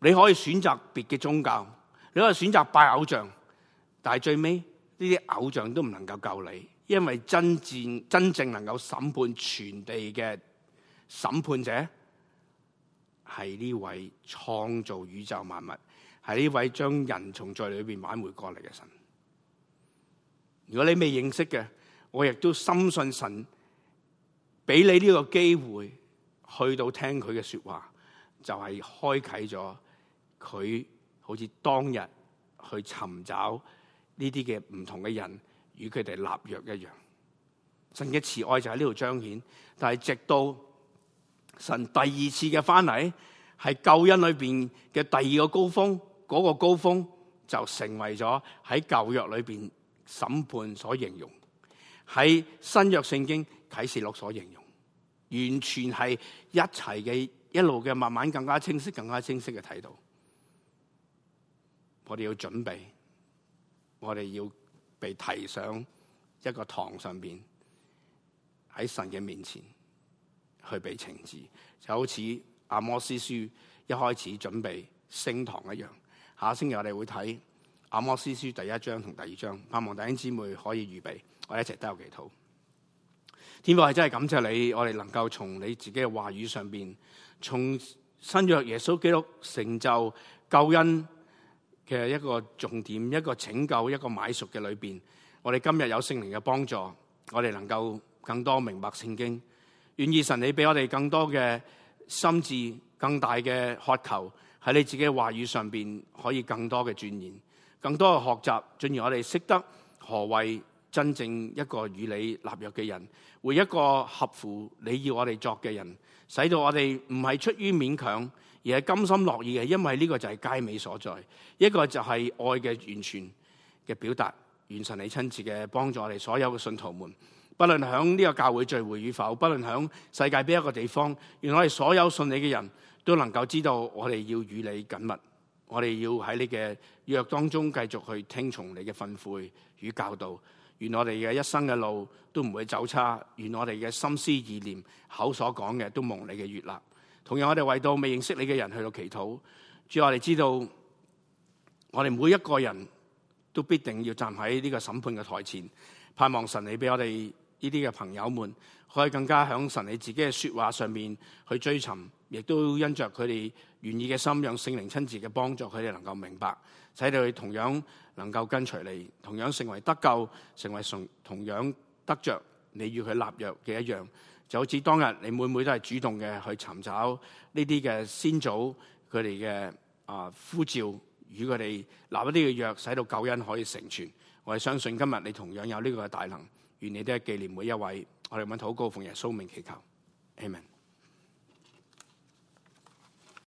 你可以選擇別嘅宗教，你可以選擇拜偶像，但係最尾呢啲偶像都唔能夠救你，因為真正真正能夠審判全地嘅。審判者係呢位創造宇宙萬物，係呢位將人從罪裏邊挽回過嚟嘅神。如果你未認識嘅，我亦都深信神俾你呢個機會去到聽佢嘅說話，就係、是、開啟咗佢好似當日去尋找呢啲嘅唔同嘅人與佢哋立約一樣。神嘅慈愛就喺呢度彰顯，但係直到。神第二次嘅返嚟，係救恩裏邊嘅第二個高峰，嗰、那個高峰就成為咗喺舊約裏邊審判所形容，喺新約聖經啟示錄所形容，完全係一齊嘅一路嘅慢慢的更加清晰、更加清晰嘅睇到，我哋要準備，我哋要被提上一個堂上邊喺神嘅面前。去備情志，就好似阿摩司書一開始準備升堂一樣。下星期我哋會睇阿摩司書第一章同第二章，盼望弟兄姊妹可以預備，我哋一齊都有祈禱。天父係真係感謝你，我哋能夠從你自己嘅話語上邊，從新約耶穌基督成就救恩嘅一個重點、一個拯救、一個買贖嘅裏邊，我哋今日有聖靈嘅幫助，我哋能夠更多明白聖經。願意神你俾我哋更多嘅心智，更大嘅渴求喺你自己話語上邊，可以更多嘅鑽研，更多嘅學習，進而我哋識得何為真正一個與你立約嘅人，會一個合乎你要我哋作嘅人，使到我哋唔係出於勉強，而係甘心樂意嘅，因為呢個就係佳美所在，一個就係愛嘅完全嘅表達，願神你親自嘅幫助我哋所有嘅信徒們。不論喺呢個教會聚會與否，不論喺世界邊一個地方，願我哋所有信你嘅人都能夠知道，我哋要與你緊密，我哋要喺你嘅約當中繼續去聽從你嘅訓誨與教導，願我哋嘅一生嘅路都唔會走差，願我哋嘅心思意念口所講嘅都蒙你嘅悅納。同樣，我哋為到未認識你嘅人去到祈禱，主我哋知道，我哋每一個人都必定要站喺呢個審判嘅台前，盼望神你俾我哋。呢啲嘅朋友們可以更加響神你自己嘅說話上面去追尋，亦都因着佢哋願意嘅心，讓聖靈親自嘅幫助佢哋能夠明白，使到佢哋同樣能夠跟隨你，同樣成為得救、成為同樣得着你與佢立約嘅一樣，就好似當日你每每都係主動嘅去尋找呢啲嘅先祖佢哋嘅啊呼召，與佢哋立一啲嘅約，使到救恩可以成全。我係相信今日你同樣有呢個大能。願你都係紀念每一位，我哋揾禱告，奉耶穌名祈求，amen